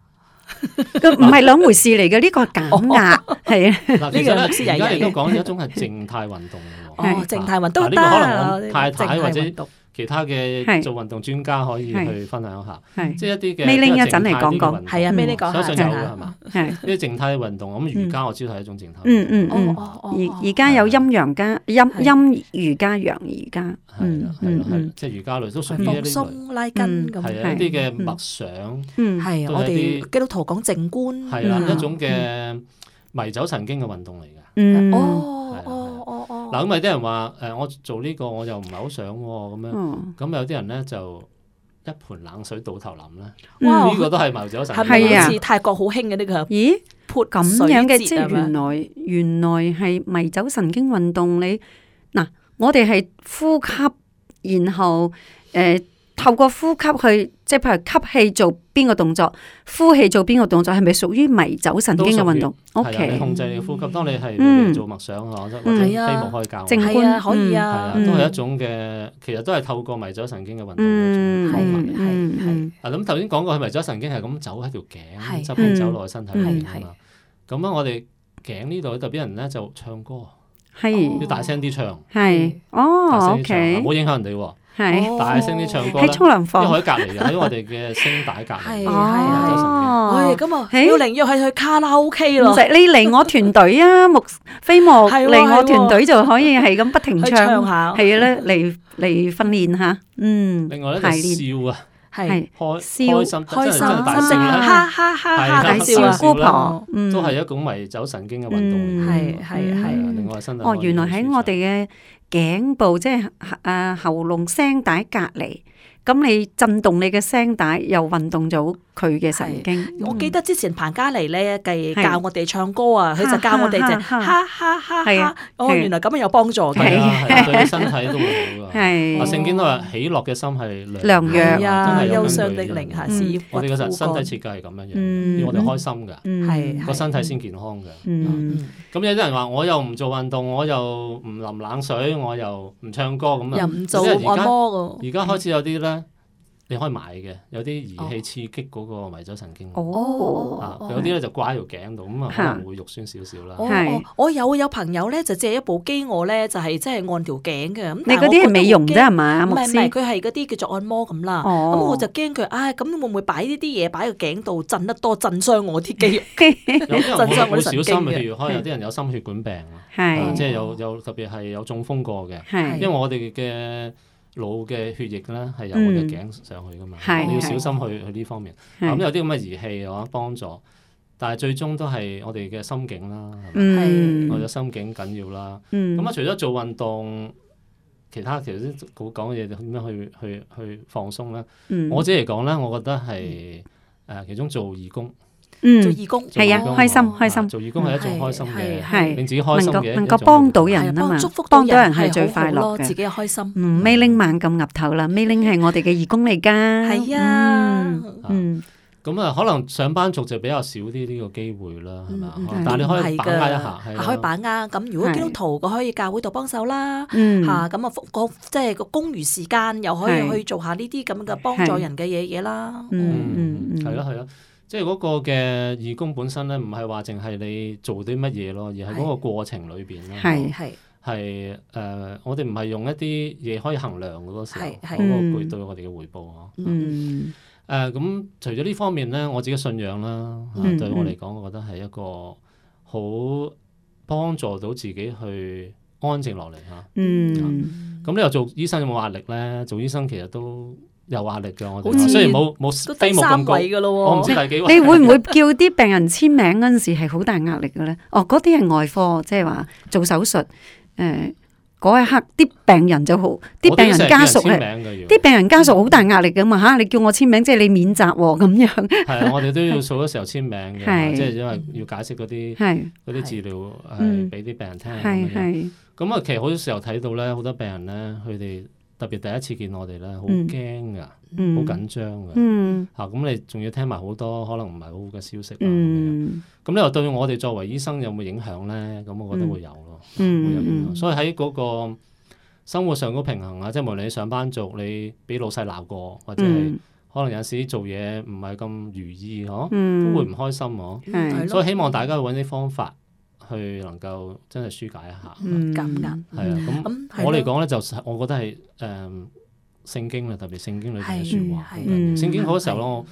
唔係兩回事嚟嘅，呢個減壓係啊。嗱，啲老師爺都講有一種係靜態運動嘅喎，靜態運動呢個都可能太太或者其他嘅做運動專家可以去分享下，即係一啲嘅拎靜態嘅運動。我相信有嘅係嘛？呢啲靜態嘅運動，咁瑜伽我知道係一種靜態。嗯嗯，而家有陰陽家，陰陰瑜伽、陽瑜伽，係啦係啦，即係瑜伽類都屬於呢類。鬆拉筋咁。係啊，啲嘅默想。嗯，係我哋基督教講靜觀。係啦，一種嘅迷走神經嘅運動嚟嘅。嗯，哦，哦，哦，哦，嗱，咁咪啲人話誒，我做呢個我就唔係好想喎，咁樣，咁有啲人咧就一盆冷水倒頭淋啦，呢個都係迷走神，係咪啊？似泰國好興嘅呢個，咦，潑水節咁樣嘅，即係原來原來係迷走神經運動，你嗱，我哋係呼吸，然後誒。透過呼吸去，即係譬如吸氣做邊個動作，呼氣做邊個動作，係咪屬於迷走神經嘅運動？O K，控制你呼吸。當你係做默想咯，或者飛牧可以教，靜觀可以啊，都係一種嘅。其實都係透過迷走神經嘅運動嚟做。係啊，係咁頭先講過，佢迷走神經係咁走喺條頸，周邊走落去身體裏邊啊嘛。咁啊，我哋頸呢度，特別人咧就唱歌，要大聲啲唱，係哦，O K，唔好影響人哋喎。係大聲啲唱歌，喺沖涼房，因為喺隔籬嘅，因為我哋嘅聲帶隔籬。係哦，咁啊，要寧願係去卡拉 OK 咯。唔使你嚟我團隊啊，飛牧莫嚟我團隊就可以係咁不停唱，係啦，嚟嚟訓練下。嗯，另外咧就笑啊，係開開心開心哈哈大笑啊，大笑姑婆，都係一種迷走神經嘅運動。係係係，另外身體哦，原來喺我哋嘅。頸部即係啊，喉嚨聲帶隔離。咁你震動你嘅聲帶，又運動咗佢嘅神經。我記得之前彭嘉妮咧，繼教我哋唱歌啊，佢就教我哋就哈哈哈，哦，原來咁樣有幫助嘅，係啊，對身體都好噶。係聖經都話，喜樂嘅心係良良藥啊，憂傷的靈。我哋嗰陣身體設計係咁樣樣，要我哋開心噶，個身體先健康㗎。咁有啲人話，我又唔做運動，我又唔淋冷水，我又唔唱歌，咁啊，又唔做按摩。而家開始有啲咧。你可以買嘅，有啲儀器刺激嗰個迷走神經，哦，有啲咧就掛喺條頸度，咁啊可能會肉酸少少啦。我有有朋友咧就借一部機，我咧就係即係按條頸嘅。咁你嗰啲美容啫係嘛，唔係唔係？佢係嗰啲叫做按摩咁啦。哦，咁我就驚佢，唉，咁會唔會擺呢啲嘢擺個頸度震得多，震傷我啲肌肉？有啲人好小心，譬如可能有啲人有心血管病，即係有有特別係有中風過嘅。因為我哋嘅。腦嘅血液咧係由我嘅頸上去噶嘛，你、嗯、要小心去是是去呢方面。咁的、嗯、有啲咁嘅儀器嘅話幫助，但係最終都係我哋嘅心境啦，係嘛？嗯、我哋嘅心境緊要啦。咁啊、嗯，除咗做運動，其他其實啲講嘅嘢點樣去去去放鬆咧？嗯、我自己嚟講咧，我覺得係誒、呃、其中做義工。嗯，做義工係啊，開心開心。做義工係一種開心嘅，係令自己開心嘅，能夠幫到人啊嘛，幫祝福幫到人係最快樂嘅，自己又開心。嗯，妙玲猛咁岌頭啦，妙玲係我哋嘅義工嚟噶。係啊，嗯，咁啊，可能上班族就比較少啲呢個機會啦，係嘛。但係你可以把握一下，可以把握。咁如果基督徒，佢可以教會度幫手啦。嗯，吓咁啊，工即係個公餘時間，又可以去做下呢啲咁嘅幫助人嘅嘢嘢啦。嗯嗯嗯，係咯係咯。即係嗰個嘅義工本身咧，唔係話淨係你做啲乜嘢咯，而係嗰個過程裏邊咧，係係係誒，我哋唔係用一啲嘢可以衡量嗰時候嗰個對我哋嘅回報啊。誒咁，除咗呢方面咧，我自己信仰啦，對我嚟講，我覺得係一個好幫助到自己去安靜落嚟嚇。咁你又做醫生有冇壓力咧？做醫生其實都。有壓力嘅我哋，雖然冇冇飛牧咁高，我唔知第幾。你會唔會叫啲病人簽名嗰陣時係好大壓力嘅咧？哦，嗰啲係外科，即係話做手術，誒嗰一刻啲病人就好，啲病人家屬啊，啲病人家屬好大壓力嘅嘛嚇！你叫我簽名，即係你免責喎咁樣。係啊，我哋都要數嘅時候簽名嘅，即係因為要解釋嗰啲，嗰啲治療係俾啲病人聽。係係。咁啊，其實好多時候睇到咧，好多病人咧，佢哋。特別第一次見我哋咧，好驚噶，好、嗯嗯、緊張噶，嚇咁、嗯啊、你仲要聽埋好多可能唔係好好嘅消息啦。咁、嗯、你又對我哋作為醫生有冇影響咧？咁我覺得會有咯，嗯、會有影響。嗯嗯、所以喺嗰個生活上嘅平衡啊，即、就、係、是、無論你上班族你俾老細鬧過，或者係可能有陣時做嘢唔係咁如意嗬、嗯啊，都會唔開心嗬。嗯、的所以希望大家去揾啲方法。去能夠真係舒解一下，感恩係啊！咁我嚟講咧，就我覺得係誒聖經啊，特別聖經裏邊嘅說話好緊要。聖經嗰時候咧，我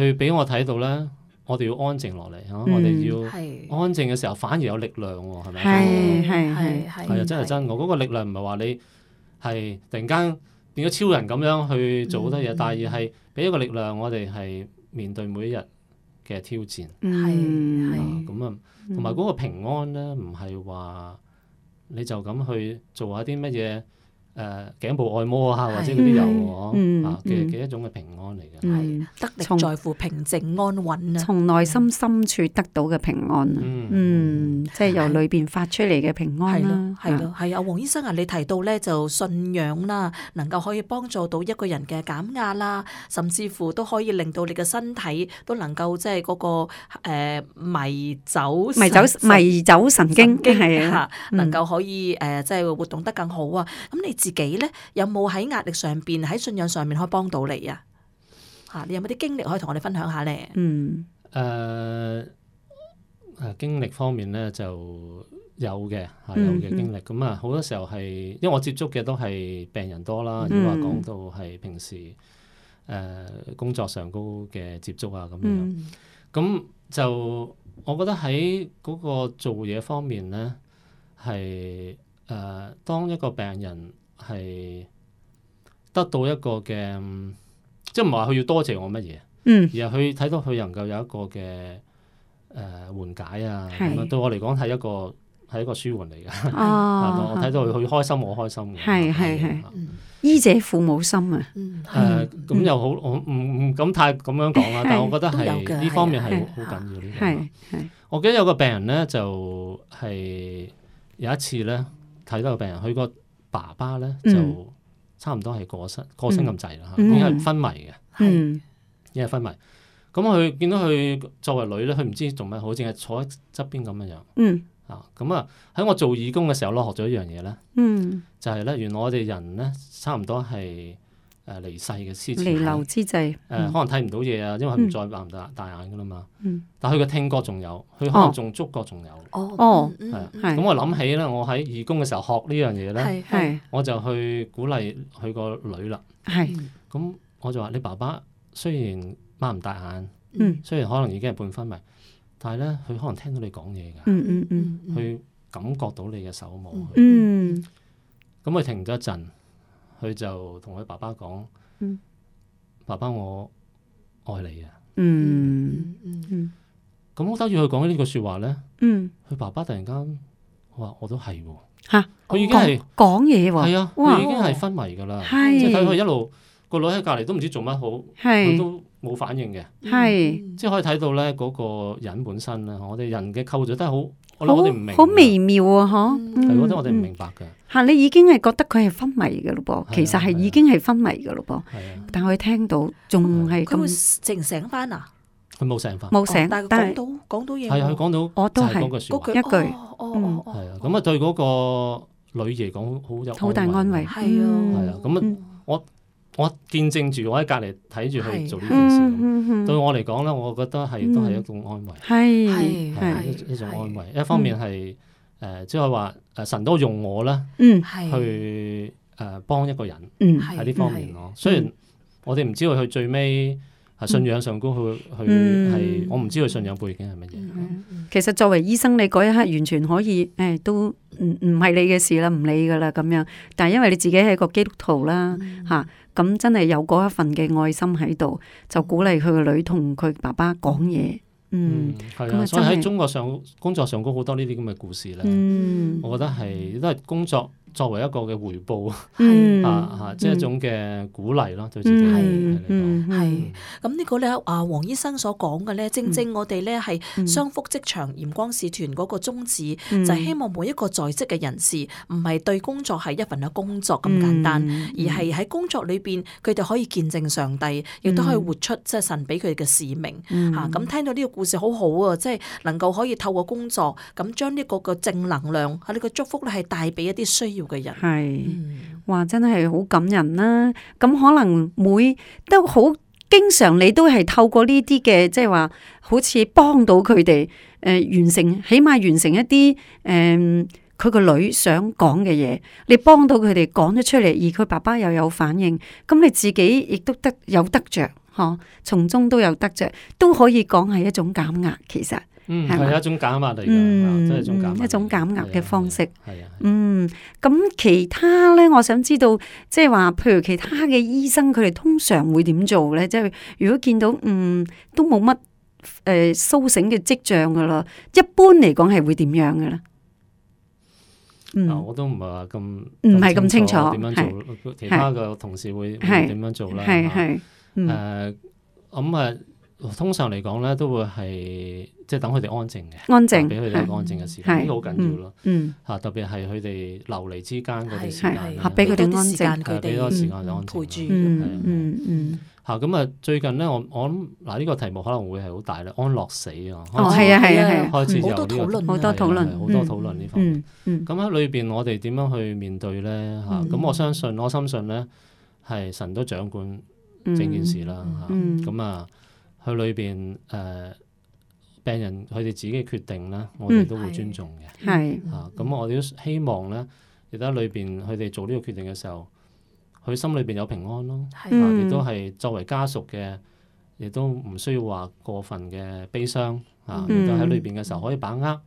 去俾我睇到咧，我哋要安靜落嚟啊！我哋要安靜嘅時候，反而有力量喎，係咪？係係係啊！真係真我嗰個力量唔係話你係突然間變咗超人咁樣去做好多嘢，但係係俾一個力量，我哋係面對每一日嘅挑戰。係咁啊！同埋嗰個平安呢，唔係話你就咁去做下啲乜嘢。誒頸部按摩啊，或者嗰啲油啊，嚇嘅嘅一種嘅平安嚟嘅，係得力在乎平靜安穩啊，從內心深處得到嘅平安，嗯，即係由裏邊發出嚟嘅平安啦，係咯，係啊，黃醫生啊，你提到咧就信仰啦，能夠可以幫助到一個人嘅減壓啦，甚至乎都可以令到你嘅身體都能夠即係嗰個迷走迷走迷走神經係啊，能夠可以誒即係活動得更好啊，咁你。自己咧有冇喺壓力上邊，喺信仰上面可以幫到你啊？嚇，你有冇啲經歷可以同我哋分享下咧？嗯，誒誒經歷方面咧就有嘅嚇，有嘅經歷咁啊，好多時候係因為我接觸嘅都係病人多啦，而話講到係平時誒工作上高嘅接觸啊咁樣，咁就我覺得喺嗰個做嘢方面咧係誒當一個病人。係得到一個嘅，即係唔係話佢要多謝我乜嘢，嗯，而係佢睇到佢能夠有一個嘅誒緩解啊，咁啊對我嚟講係一個係一個舒緩嚟嘅。啊，我睇到佢開心，我開心嘅，係係係醫者父母心啊，誒，咁又好，我唔唔敢太咁樣講啦，但係我覺得係呢方面係好緊要，呢係，我記得有個病人咧就係有一次咧睇到個病人，佢個爸爸咧、嗯、就差唔多係過身過身咁滯啦，佢係、嗯嗯、昏迷嘅，已經係、嗯、昏迷。咁佢見到佢作為女咧，佢唔知做咩，好似係坐喺側邊咁嘅樣。嗯、啊，咁啊喺我做義工嘅時候咧，學咗一樣嘢咧，嗯、就係咧，原來我哋人咧差唔多係，誒離世嘅時辰，彌留之際，誒可能睇唔到嘢啊，因為佢唔再擘唔大眼噶啦嘛。嗯，但佢個聽覺仲有，佢可能仲觸覺仲有。哦哦，係。咁我諗起咧，我喺義工嘅時候學呢樣嘢咧，我就去鼓勵佢個女啦。係，咁我就話：你爸爸雖然擘唔大眼，嗯，雖然可能已經係半昏迷，但係咧佢可能聽到你講嘢㗎。去感覺到你嘅手舞。咁佢停咗一陣。佢就同佢爸爸講：嗯、爸爸我愛你啊！嗯嗯，咁好得意佢講呢句說話咧，嗯，佢、嗯、爸爸突然間、啊，我話我都係喎，吓，佢已經係講嘢喎，係啊，啊已經係昏迷噶啦，係，即係睇佢一路個女喺隔籬都唔知做乜好，係是，佢都冇反應嘅，係，即係可以睇到咧嗰個人本身啦，我哋人嘅構造都係好。好，好微妙啊！嗬，係，我哋唔明白嘅。吓，你已經係覺得佢係昏迷嘅咯噃，其實係已經係昏迷嘅咯噃。係啊，但係聽到仲係，咁靜醒翻啊？佢冇醒翻，冇醒，但係講到講到嘢，係佢講到，我都係嗰句一句。係啊，咁啊，對嗰個女爺講好有好大安慰，係啊，係啊，咁我。我見證住我喺隔籬睇住佢做呢件事，對我嚟講咧，我覺得係都係一種安慰，係係一種安慰。一方面係誒，即係話誒，神都用我啦，去誒幫一個人喺呢方面咯。雖然我哋唔知道佢最尾係信仰上高佢佢係，我唔知佢信仰背景係乜嘢。其實作為醫生，你嗰一刻完全可以誒，都唔唔係你嘅事啦，唔理㗎啦咁樣。但係因為你自己係一個基督徒啦，吓。咁真係有嗰一份嘅愛心喺度，就鼓勵佢個女同佢爸爸講嘢。嗯，係、嗯、啊，所以喺中國上工作上高好多呢啲咁嘅故事咧。嗯，我覺得係都係工作。作為一個嘅回報，啊是啊，即係一種嘅鼓勵咯，嗯、對自己係，咁呢個咧啊，黃醫生所講嘅咧，正正我哋咧係商福職場鹽光使團嗰個宗旨，就係、是、希望每一個在職嘅人士，唔係對工作係一份嘅工作咁簡單，嗯、而係喺工作裏邊佢哋可以見證上帝，亦都可以活出即係神俾佢哋嘅使命。嚇、嗯，咁、啊、聽到呢個故事好好啊，即、就、係、是、能夠可以透過工作，咁將呢個嘅正能量啊呢個祝福咧，係帶俾一啲需要。係，哇！真係好感人啦、啊。咁可能每都好經常，你都係透過呢啲嘅，即係話好似幫到佢哋誒，完成起碼完成一啲誒，佢、呃、個女想講嘅嘢，你幫到佢哋講咗出嚟，而佢爸爸又有反應，咁你自己亦都得有得着，嗬、啊？從中都有得着，都可以講係一種減壓，其實。嗯，係一種減壓嚟嘅，嗯、即係一種減、嗯、一種減壓嘅方式。係啊，啊啊嗯，咁其他咧，我想知道，即係話，譬如其他嘅醫生，佢哋通常會點做咧？即、就、係、係、如果見到嗯都冇乜誒蘇醒嘅跡象噶啦，一般嚟講係會點樣噶啦？嗯，我都唔係話咁唔係咁清楚點樣做，其他嘅同事會點樣做咧？係、嗯、係，誒、嗯，咁、嗯、啊。嗯嗯通常嚟講咧，都會係即係等佢哋安靜嘅，安靜俾佢哋安靜嘅時間，呢個好緊要咯。吓特別係佢哋流離之間嗰段時間，吓俾佢哋安靜，佢哋俾多時間就安靜。吓咁啊，最近咧，我我諗嗱呢個題目可能會係好大咧，安樂死啊，哦係啊係啊，開始好多討論，好多討論，呢方面。咁喺裏邊，我哋點樣去面對咧？吓咁我相信，我深信咧，係神都掌管整件事啦。吓咁啊。佢裏邊誒病人，佢哋自己決定啦，我哋都會尊重嘅。係的啊，咁我哋都希望咧，亦都喺裏邊佢哋做呢個決定嘅時候，佢心裏邊有平安咯、啊。亦的、啊、都係作為家屬嘅，亦都唔需要話過分嘅悲傷。啊，亦都喺裏邊嘅時候可以把握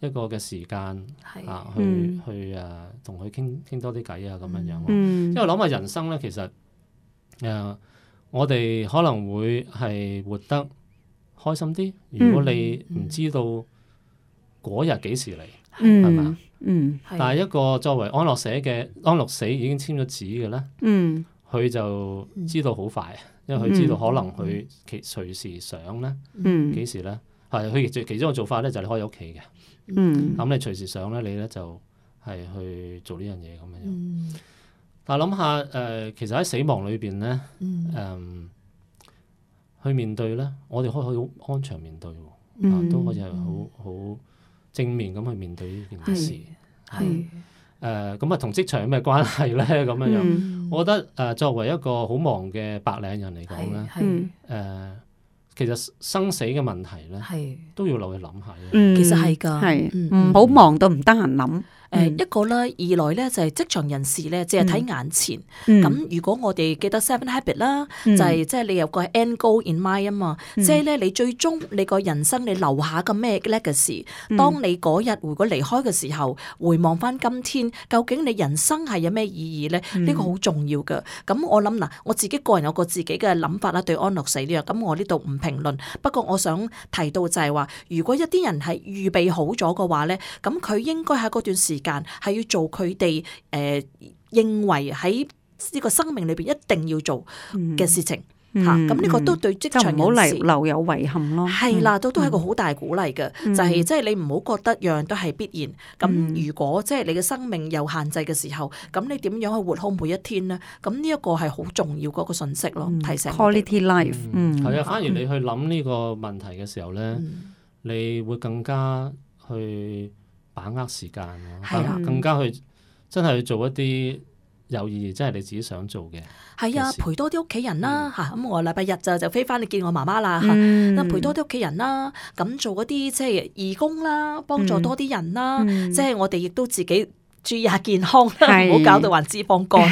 一個嘅時間的啊，去去誒同佢傾傾多啲偈啊，咁、啊、樣樣、啊。嗯、因為諗下人生咧，其實誒。呃我哋可能會係活得開心啲，如果你唔知道嗰日幾時嚟，係咪？但係一個作為安樂死嘅安樂死已經簽咗紙嘅咧，佢就知道好快，因為佢知道可能佢其隨時想咧，嗯，幾時咧？係佢其中一個做法咧，就係你可以喺屋企嘅，嗯，咁你隨時想咧，你咧就係去做呢樣嘢咁樣。啊，諗下誒、呃，其實喺死亡裏邊咧，誒、呃，去面對咧，我哋可以好安詳面對、嗯啊，都可以係好好正面咁去面對呢件事。係誒的，咁啊、嗯，同職、呃、場有咩關係咧？咁 樣樣子，嗯、我覺得誒、呃，作為一個好忙嘅白領人嚟講咧，誒、嗯呃，其實生死嘅問題咧，都要留去諗下嘅。其實係噶，係唔好忙到唔得閒諗。誒、嗯、一個咧，二來咧就係職場人士咧，淨係睇眼前。咁、嗯、如果我哋記得 Seven Habit 啦，嗯、就係即係你有個 End Goal in Mind 啊嘛，即係咧你最終你個人生你留下嘅咩 legacy，當你嗰日如果離開嘅時候，回望翻今天，究竟你人生係有咩意義咧？呢、嗯、個好重要㗎。咁、嗯嗯、我諗嗱，我自己個人有個自己嘅諗法啦，對安樂死呢樣，咁我呢度唔評論。不過我想提到就係話，如果一啲人係預備好咗嘅話咧，咁佢應該喺嗰段時間係要做佢哋誒，認為喺呢個生命裏邊一定要做嘅事情吓，咁呢、嗯啊，這個都對職場，唔好留有遺憾咯。係啦，都都係個好大鼓勵嘅，嗯、就係即係你唔好覺得樣樣都係必然。咁、嗯嗯、如果即係你嘅生命有限制嘅時候，咁你點樣去活好每一天咧？咁呢一個係好重要嗰個信息咯，提醒、嗯。Quality life，嗯，係啊、嗯 嗯，反而你去諗呢個問題嘅時候咧，嗯、你會更加去。把握時間、啊，啊、更加去真係去做一啲有意義，即、就、係、是、你自己想做嘅。係啊，陪多啲屋企人啦、啊、嚇，咁我禮拜日就就飛翻嚟見我媽媽啦嚇，陪多啲屋企人啦，咁做嗰啲即係義工啦、啊，幫助多啲人啦、啊，即係、嗯、我哋亦都自己。注意下健康，唔好搞到患脂肪肝。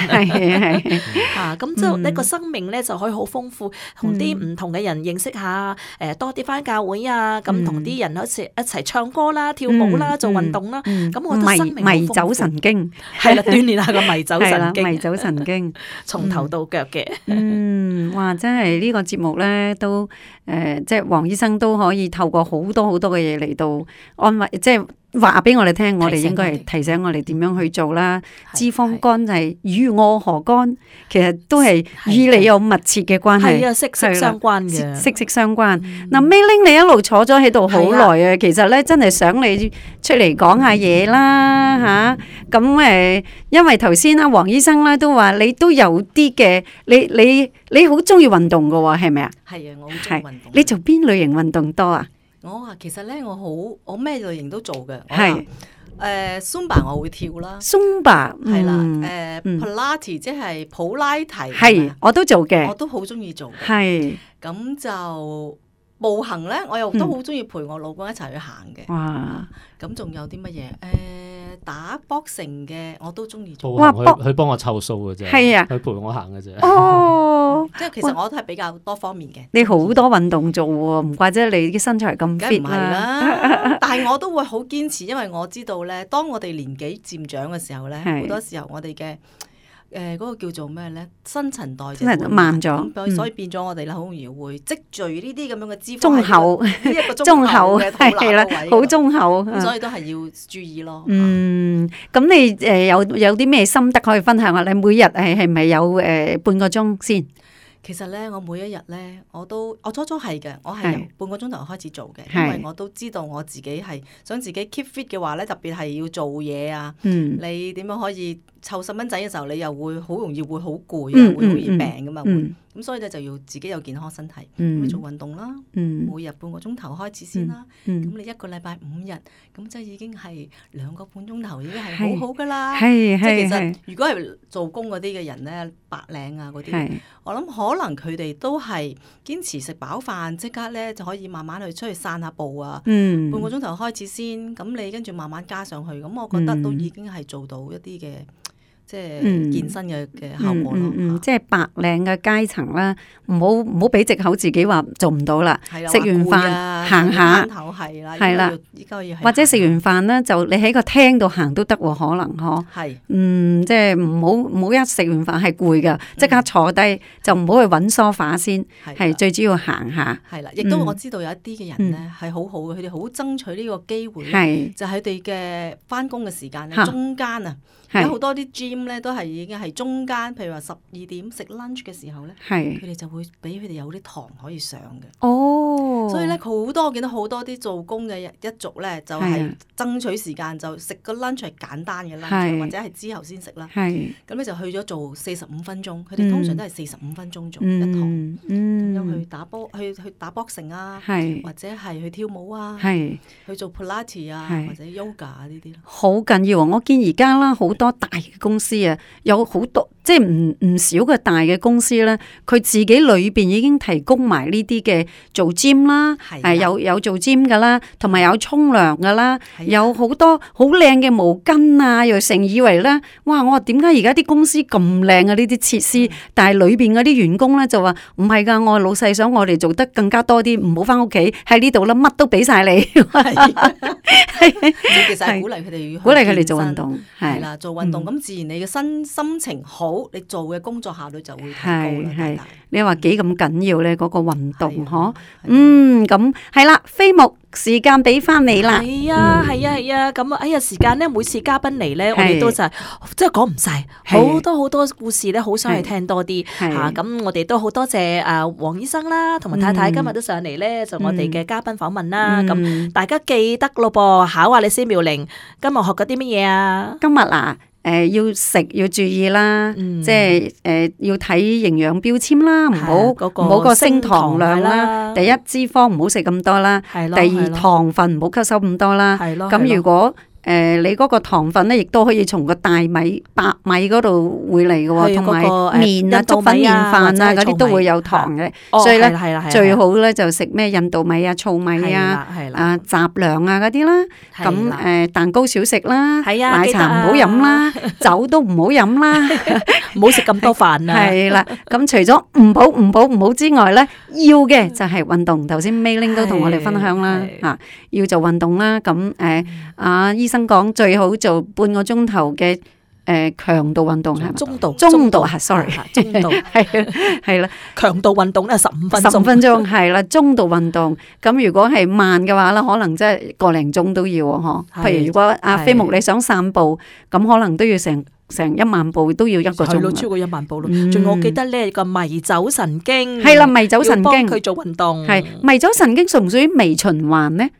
啊咁即係一個生命咧，就可以好豐富，同啲唔同嘅人認識下，誒多啲翻教會啊，咁同啲人好似一齊唱歌啦、跳舞啦、做運動啦，咁我覺得生命好豐富。迷走神經，係啦，鍛鍊下個迷走神經，迷走神經，從頭到腳嘅。嗯，哇！真係呢個節目咧，都誒，即係黃醫生都可以透過好多好多嘅嘢嚟到安慰，即係。話俾我哋聽，我哋應該係提醒我哋點樣去做啦。是是脂肪肝係與我何干？其實都係與你有密切嘅關係，息息相關嘅。息息相關。嗱妙玲你一路坐咗喺度好耐啊，嗯、其實咧真係想你出嚟講下嘢啦，吓、嗯。咁誒、啊，因為頭先阿黃醫生啦、啊、都話你都有啲嘅，你你你好中意運動噶，係咪啊？係啊，我好中意運動。你做邊類型運動多啊？我話其實咧，我好我咩類型都做嘅。係，誒，Zumba 我會跳啦。Zumba 係啦，誒，Pilates 即係普拉提，係我都做嘅，我都好中意做。係咁就步行咧，我又都好中意陪我老公一齊去行嘅。哇！咁仲有啲乜嘢？誒，打 boxing 嘅我都中意做。佢幫我湊數嘅啫，係啊，佢陪我行嘅啫。哦。即係其實我都係比較多方面嘅。你好多運動做喎，唔怪之，你啲身材咁 fit。梗唔係啦，但係我都會好堅持，因為我知道咧，當我哋年紀漸長嘅時候咧，好多時候我哋嘅誒嗰個叫做咩咧新陳代謝慢咗，所以變咗我哋咧好容易會積聚呢啲咁樣嘅脂肪。中厚，一個中厚嘅肚腩位，好中厚，所以都係要注意咯。嗯，咁你誒有有啲咩心得可以分享下？你每日誒係咪有誒半個鐘先？其實咧，我每一日咧，我都我初初係嘅，我係由半個鐘頭開始做嘅，是因為我都知道我自己係想自己 keep fit 嘅話咧，特別係要做嘢啊，嗯、你點樣可以湊細蚊仔嘅時候，你又會好容易會好攰、啊，嗯嗯、會好易病咁啊！嗯嗯咁所以咧就要自己有健康身體，咁、嗯、做運動啦，嗯、每日半個鐘頭開始先啦。咁、嗯嗯、你一個禮拜五日，咁即係已經係兩個半鐘頭已經係好好㗎喇。即其實如果係做工嗰啲嘅人咧，白領啊嗰啲，是我諗可能佢哋都係堅持食飽飯，即刻咧就可以慢慢去出去散下步啊。嗯、半個鐘頭開始先，咁你跟住慢慢加上去，咁我覺得都已經係做到一啲嘅。嗯即係健身嘅嘅效果咯，即係白領嘅階層啦，唔好唔好俾藉口自己話做唔到啦。食完飯行下，係啦，或者食完飯咧就你喺個廳度行都得喎，可能嗬。係，嗯，即係唔好唔好一食完飯係攰㗎，即刻坐低就唔好去搵梳化先，係最主要行下。係啦，亦都我知道有一啲嘅人咧係好好嘅，佢哋好爭取呢個機會，係就佢哋嘅返工嘅時間中間啊。有好多啲 gym 咧，都係已經係中間，譬如話十二點食 lunch 嘅時候咧是，佢哋就會俾佢哋有啲堂可以上嘅。哦，所以咧好多我見到好多啲做工嘅一族咧，就係爭取時間就食個 lunch 係簡單嘅 lunch，是或者係之後先食啦。係咁你就去咗做四十五分鐘，佢哋通常都係四十五分鐘做一堂，咁樣、哦、去打波去去打 boxing 啊，是或者係去跳舞啊，是去做普拉提啊是或者 yoga 啊呢啲咯。好緊要啊！我見而家啦好。多大嘅公司啊？有好多即係唔唔少嘅大嘅公司咧，佢自己裏邊已經提供埋呢啲嘅做 gym 啦，係的、呃、有，有，有有做 gym 噶啦，同埋的有沖涼噶啦，有好多好靚嘅毛巾啊！又成以為咧，哇！我話點解而家啲公司咁靚嘅呢啲設施？但係裏邊嗰啲員工咧就話唔係噶，我老細想我哋做得更加多啲，唔好翻屋企喺呢度啦，乜都俾晒你，其實鼓勵佢哋，鼓勵佢哋做運動係啦，做運動咁、嗯、自然，你嘅心心情好，你做嘅工作效率就會提高，係你話幾咁緊要呢？嗰、嗰個運動嗬，嗯，咁係啦，飛牧。時間俾翻你啦，係啊係啊係啊，咁、嗯、啊哎呀，時間咧，每次嘉賓嚟咧，是我哋都就係即係講唔晒，好是多好多故事咧，好想去聽多啲吓。咁、啊、我哋都好多謝誒、啊、黃醫生啦，同埋太太今日都上嚟咧，做我哋嘅嘉賓訪問啦。咁、嗯嗯、大家記得咯噃，考下你先妙玲，今日學咗啲乜嘢啊？今日啊。誒、呃，要食要注意啦，嗯、即係誒、呃，要睇營養標籤啦，唔好唔好個升糖量啦，第一的脂肪唔好食咁多啦，的第二的糖分唔好吸收咁多啦，咁的如果。誒，你嗰個糖分咧，亦都可以從個大米、白米嗰度會嚟嘅喎。同埋麵啊、粥粉麵飯啊嗰啲都會有糖嘅，所以咧最好咧就食咩印度米啊、糙米啊、啊雜糧啊嗰啲啦。咁誒，蛋糕少食啦，奶茶唔好飲啦，酒都唔好飲啦，唔好食咁多飯啊。係啦，咁除咗唔好唔好唔好之外咧，要嘅就係運動。頭先 Mayling 都同我哋分享啦，吓要做運動啦。咁誒，啊醫生講最好做半個鐘頭嘅誒強度運動係咪？中度中度，吓，sorry 吓，中度係係啦，強度運動咧十五分鐘，十五分鐘係啦，中度運動，咁如果係慢嘅話咧，可能即係個零鐘都要啊，嗬。譬如如果阿飛牧你想散步，咁可能都要成成一萬步都要一個鐘，超過一萬步咯。仲我記得呢個迷走神經係啦，迷走神經佢做運動係迷走神經屬唔屬於微循環咧？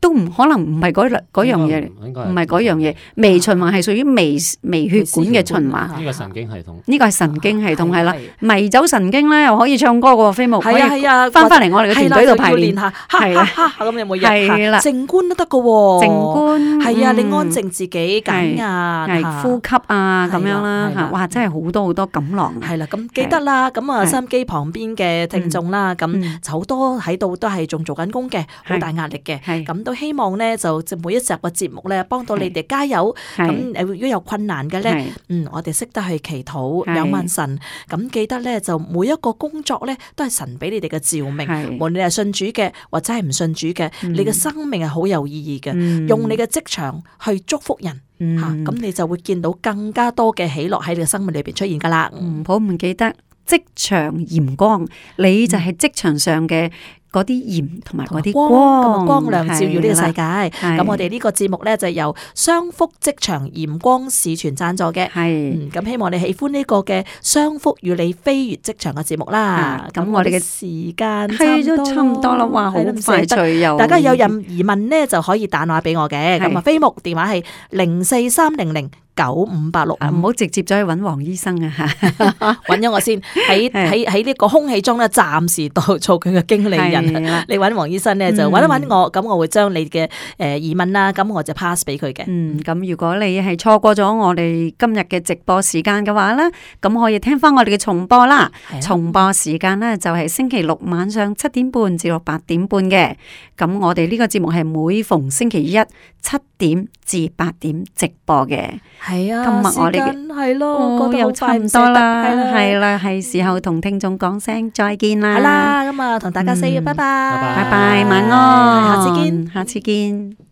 都唔可能唔係嗰類嗰樣嘢，唔係嗰樣嘢。微循環係屬於微微血管嘅循環。呢個係神經系統。呢個係神經系統係啦，迷走神經咧又可以唱歌嘅喎，飛牧。係係啊，翻翻嚟我哋嘅團隊度排練下，嚇嚇嚇，咁有冇人？係啦，靜觀都得㗎喎。靜觀。係啊，你安靜自己緊啊，呼吸啊咁樣啦嚇。哇，真係好多好多感浪。係啦，咁記得啦。咁啊，收音機旁邊嘅聽眾啦，咁就好多喺度都係仲做緊工嘅，好大壓力嘅。係。都希望咧，就就每一集嘅節目咧，幫到你哋加油。咁是如果有困難嘅咧，是嗯，我哋識得去祈禱，仰望神。咁是記得咧，就每一個工作咧，都係神俾你哋嘅召命。無論你係信主嘅，或者係唔信主嘅，嗯、你嘅生命係好有意義嘅。嗯、用你嘅職場去祝福人，吓咁、嗯啊、你就會見到更加多嘅喜樂喺你嘅生命裏邊出現噶啦。唔好唔記得職場鹽光，你就係職場上嘅。嗯嗯嗰啲鹽同埋嗰啲光嘅光,光亮照耀呢個世界，咁我哋呢個節目咧就由商福職場鹽光使團讚助嘅，咁的、嗯、希望你喜歡呢個嘅商福與你飛越職場嘅節目啦。咁我哋嘅時間都差唔多啦，哇好快，大家有任何疑問咧就可以打電話俾我嘅，咁啊的的飛牧電話係零四三零零。九五八六啊，唔好直接走去揾黃醫生啊吓，揾咗我先喺喺喺呢個空氣中咧，暫時代做佢嘅經理人是的 你揾黃醫生咧就揾一揾我，咁、嗯、我會將你嘅誒疑問啦，咁我就 pass 俾佢嘅。嗯，咁如果你係錯過咗我哋今日嘅直播時間嘅話咧，咁可以聽翻我哋嘅重播啦。重播時間咧就係星期六晚上七點半至到八點半嘅。咁我哋呢個節目係每逢星期一七點至八點直播嘅。係啊，咁啊，我哋係咯，過得好快，又差唔多啦，係啦，係時候同聽眾講聲再見啦，好啦，咁啊，同大家 say 拜拜，拜拜，晚安，下次見，下次見。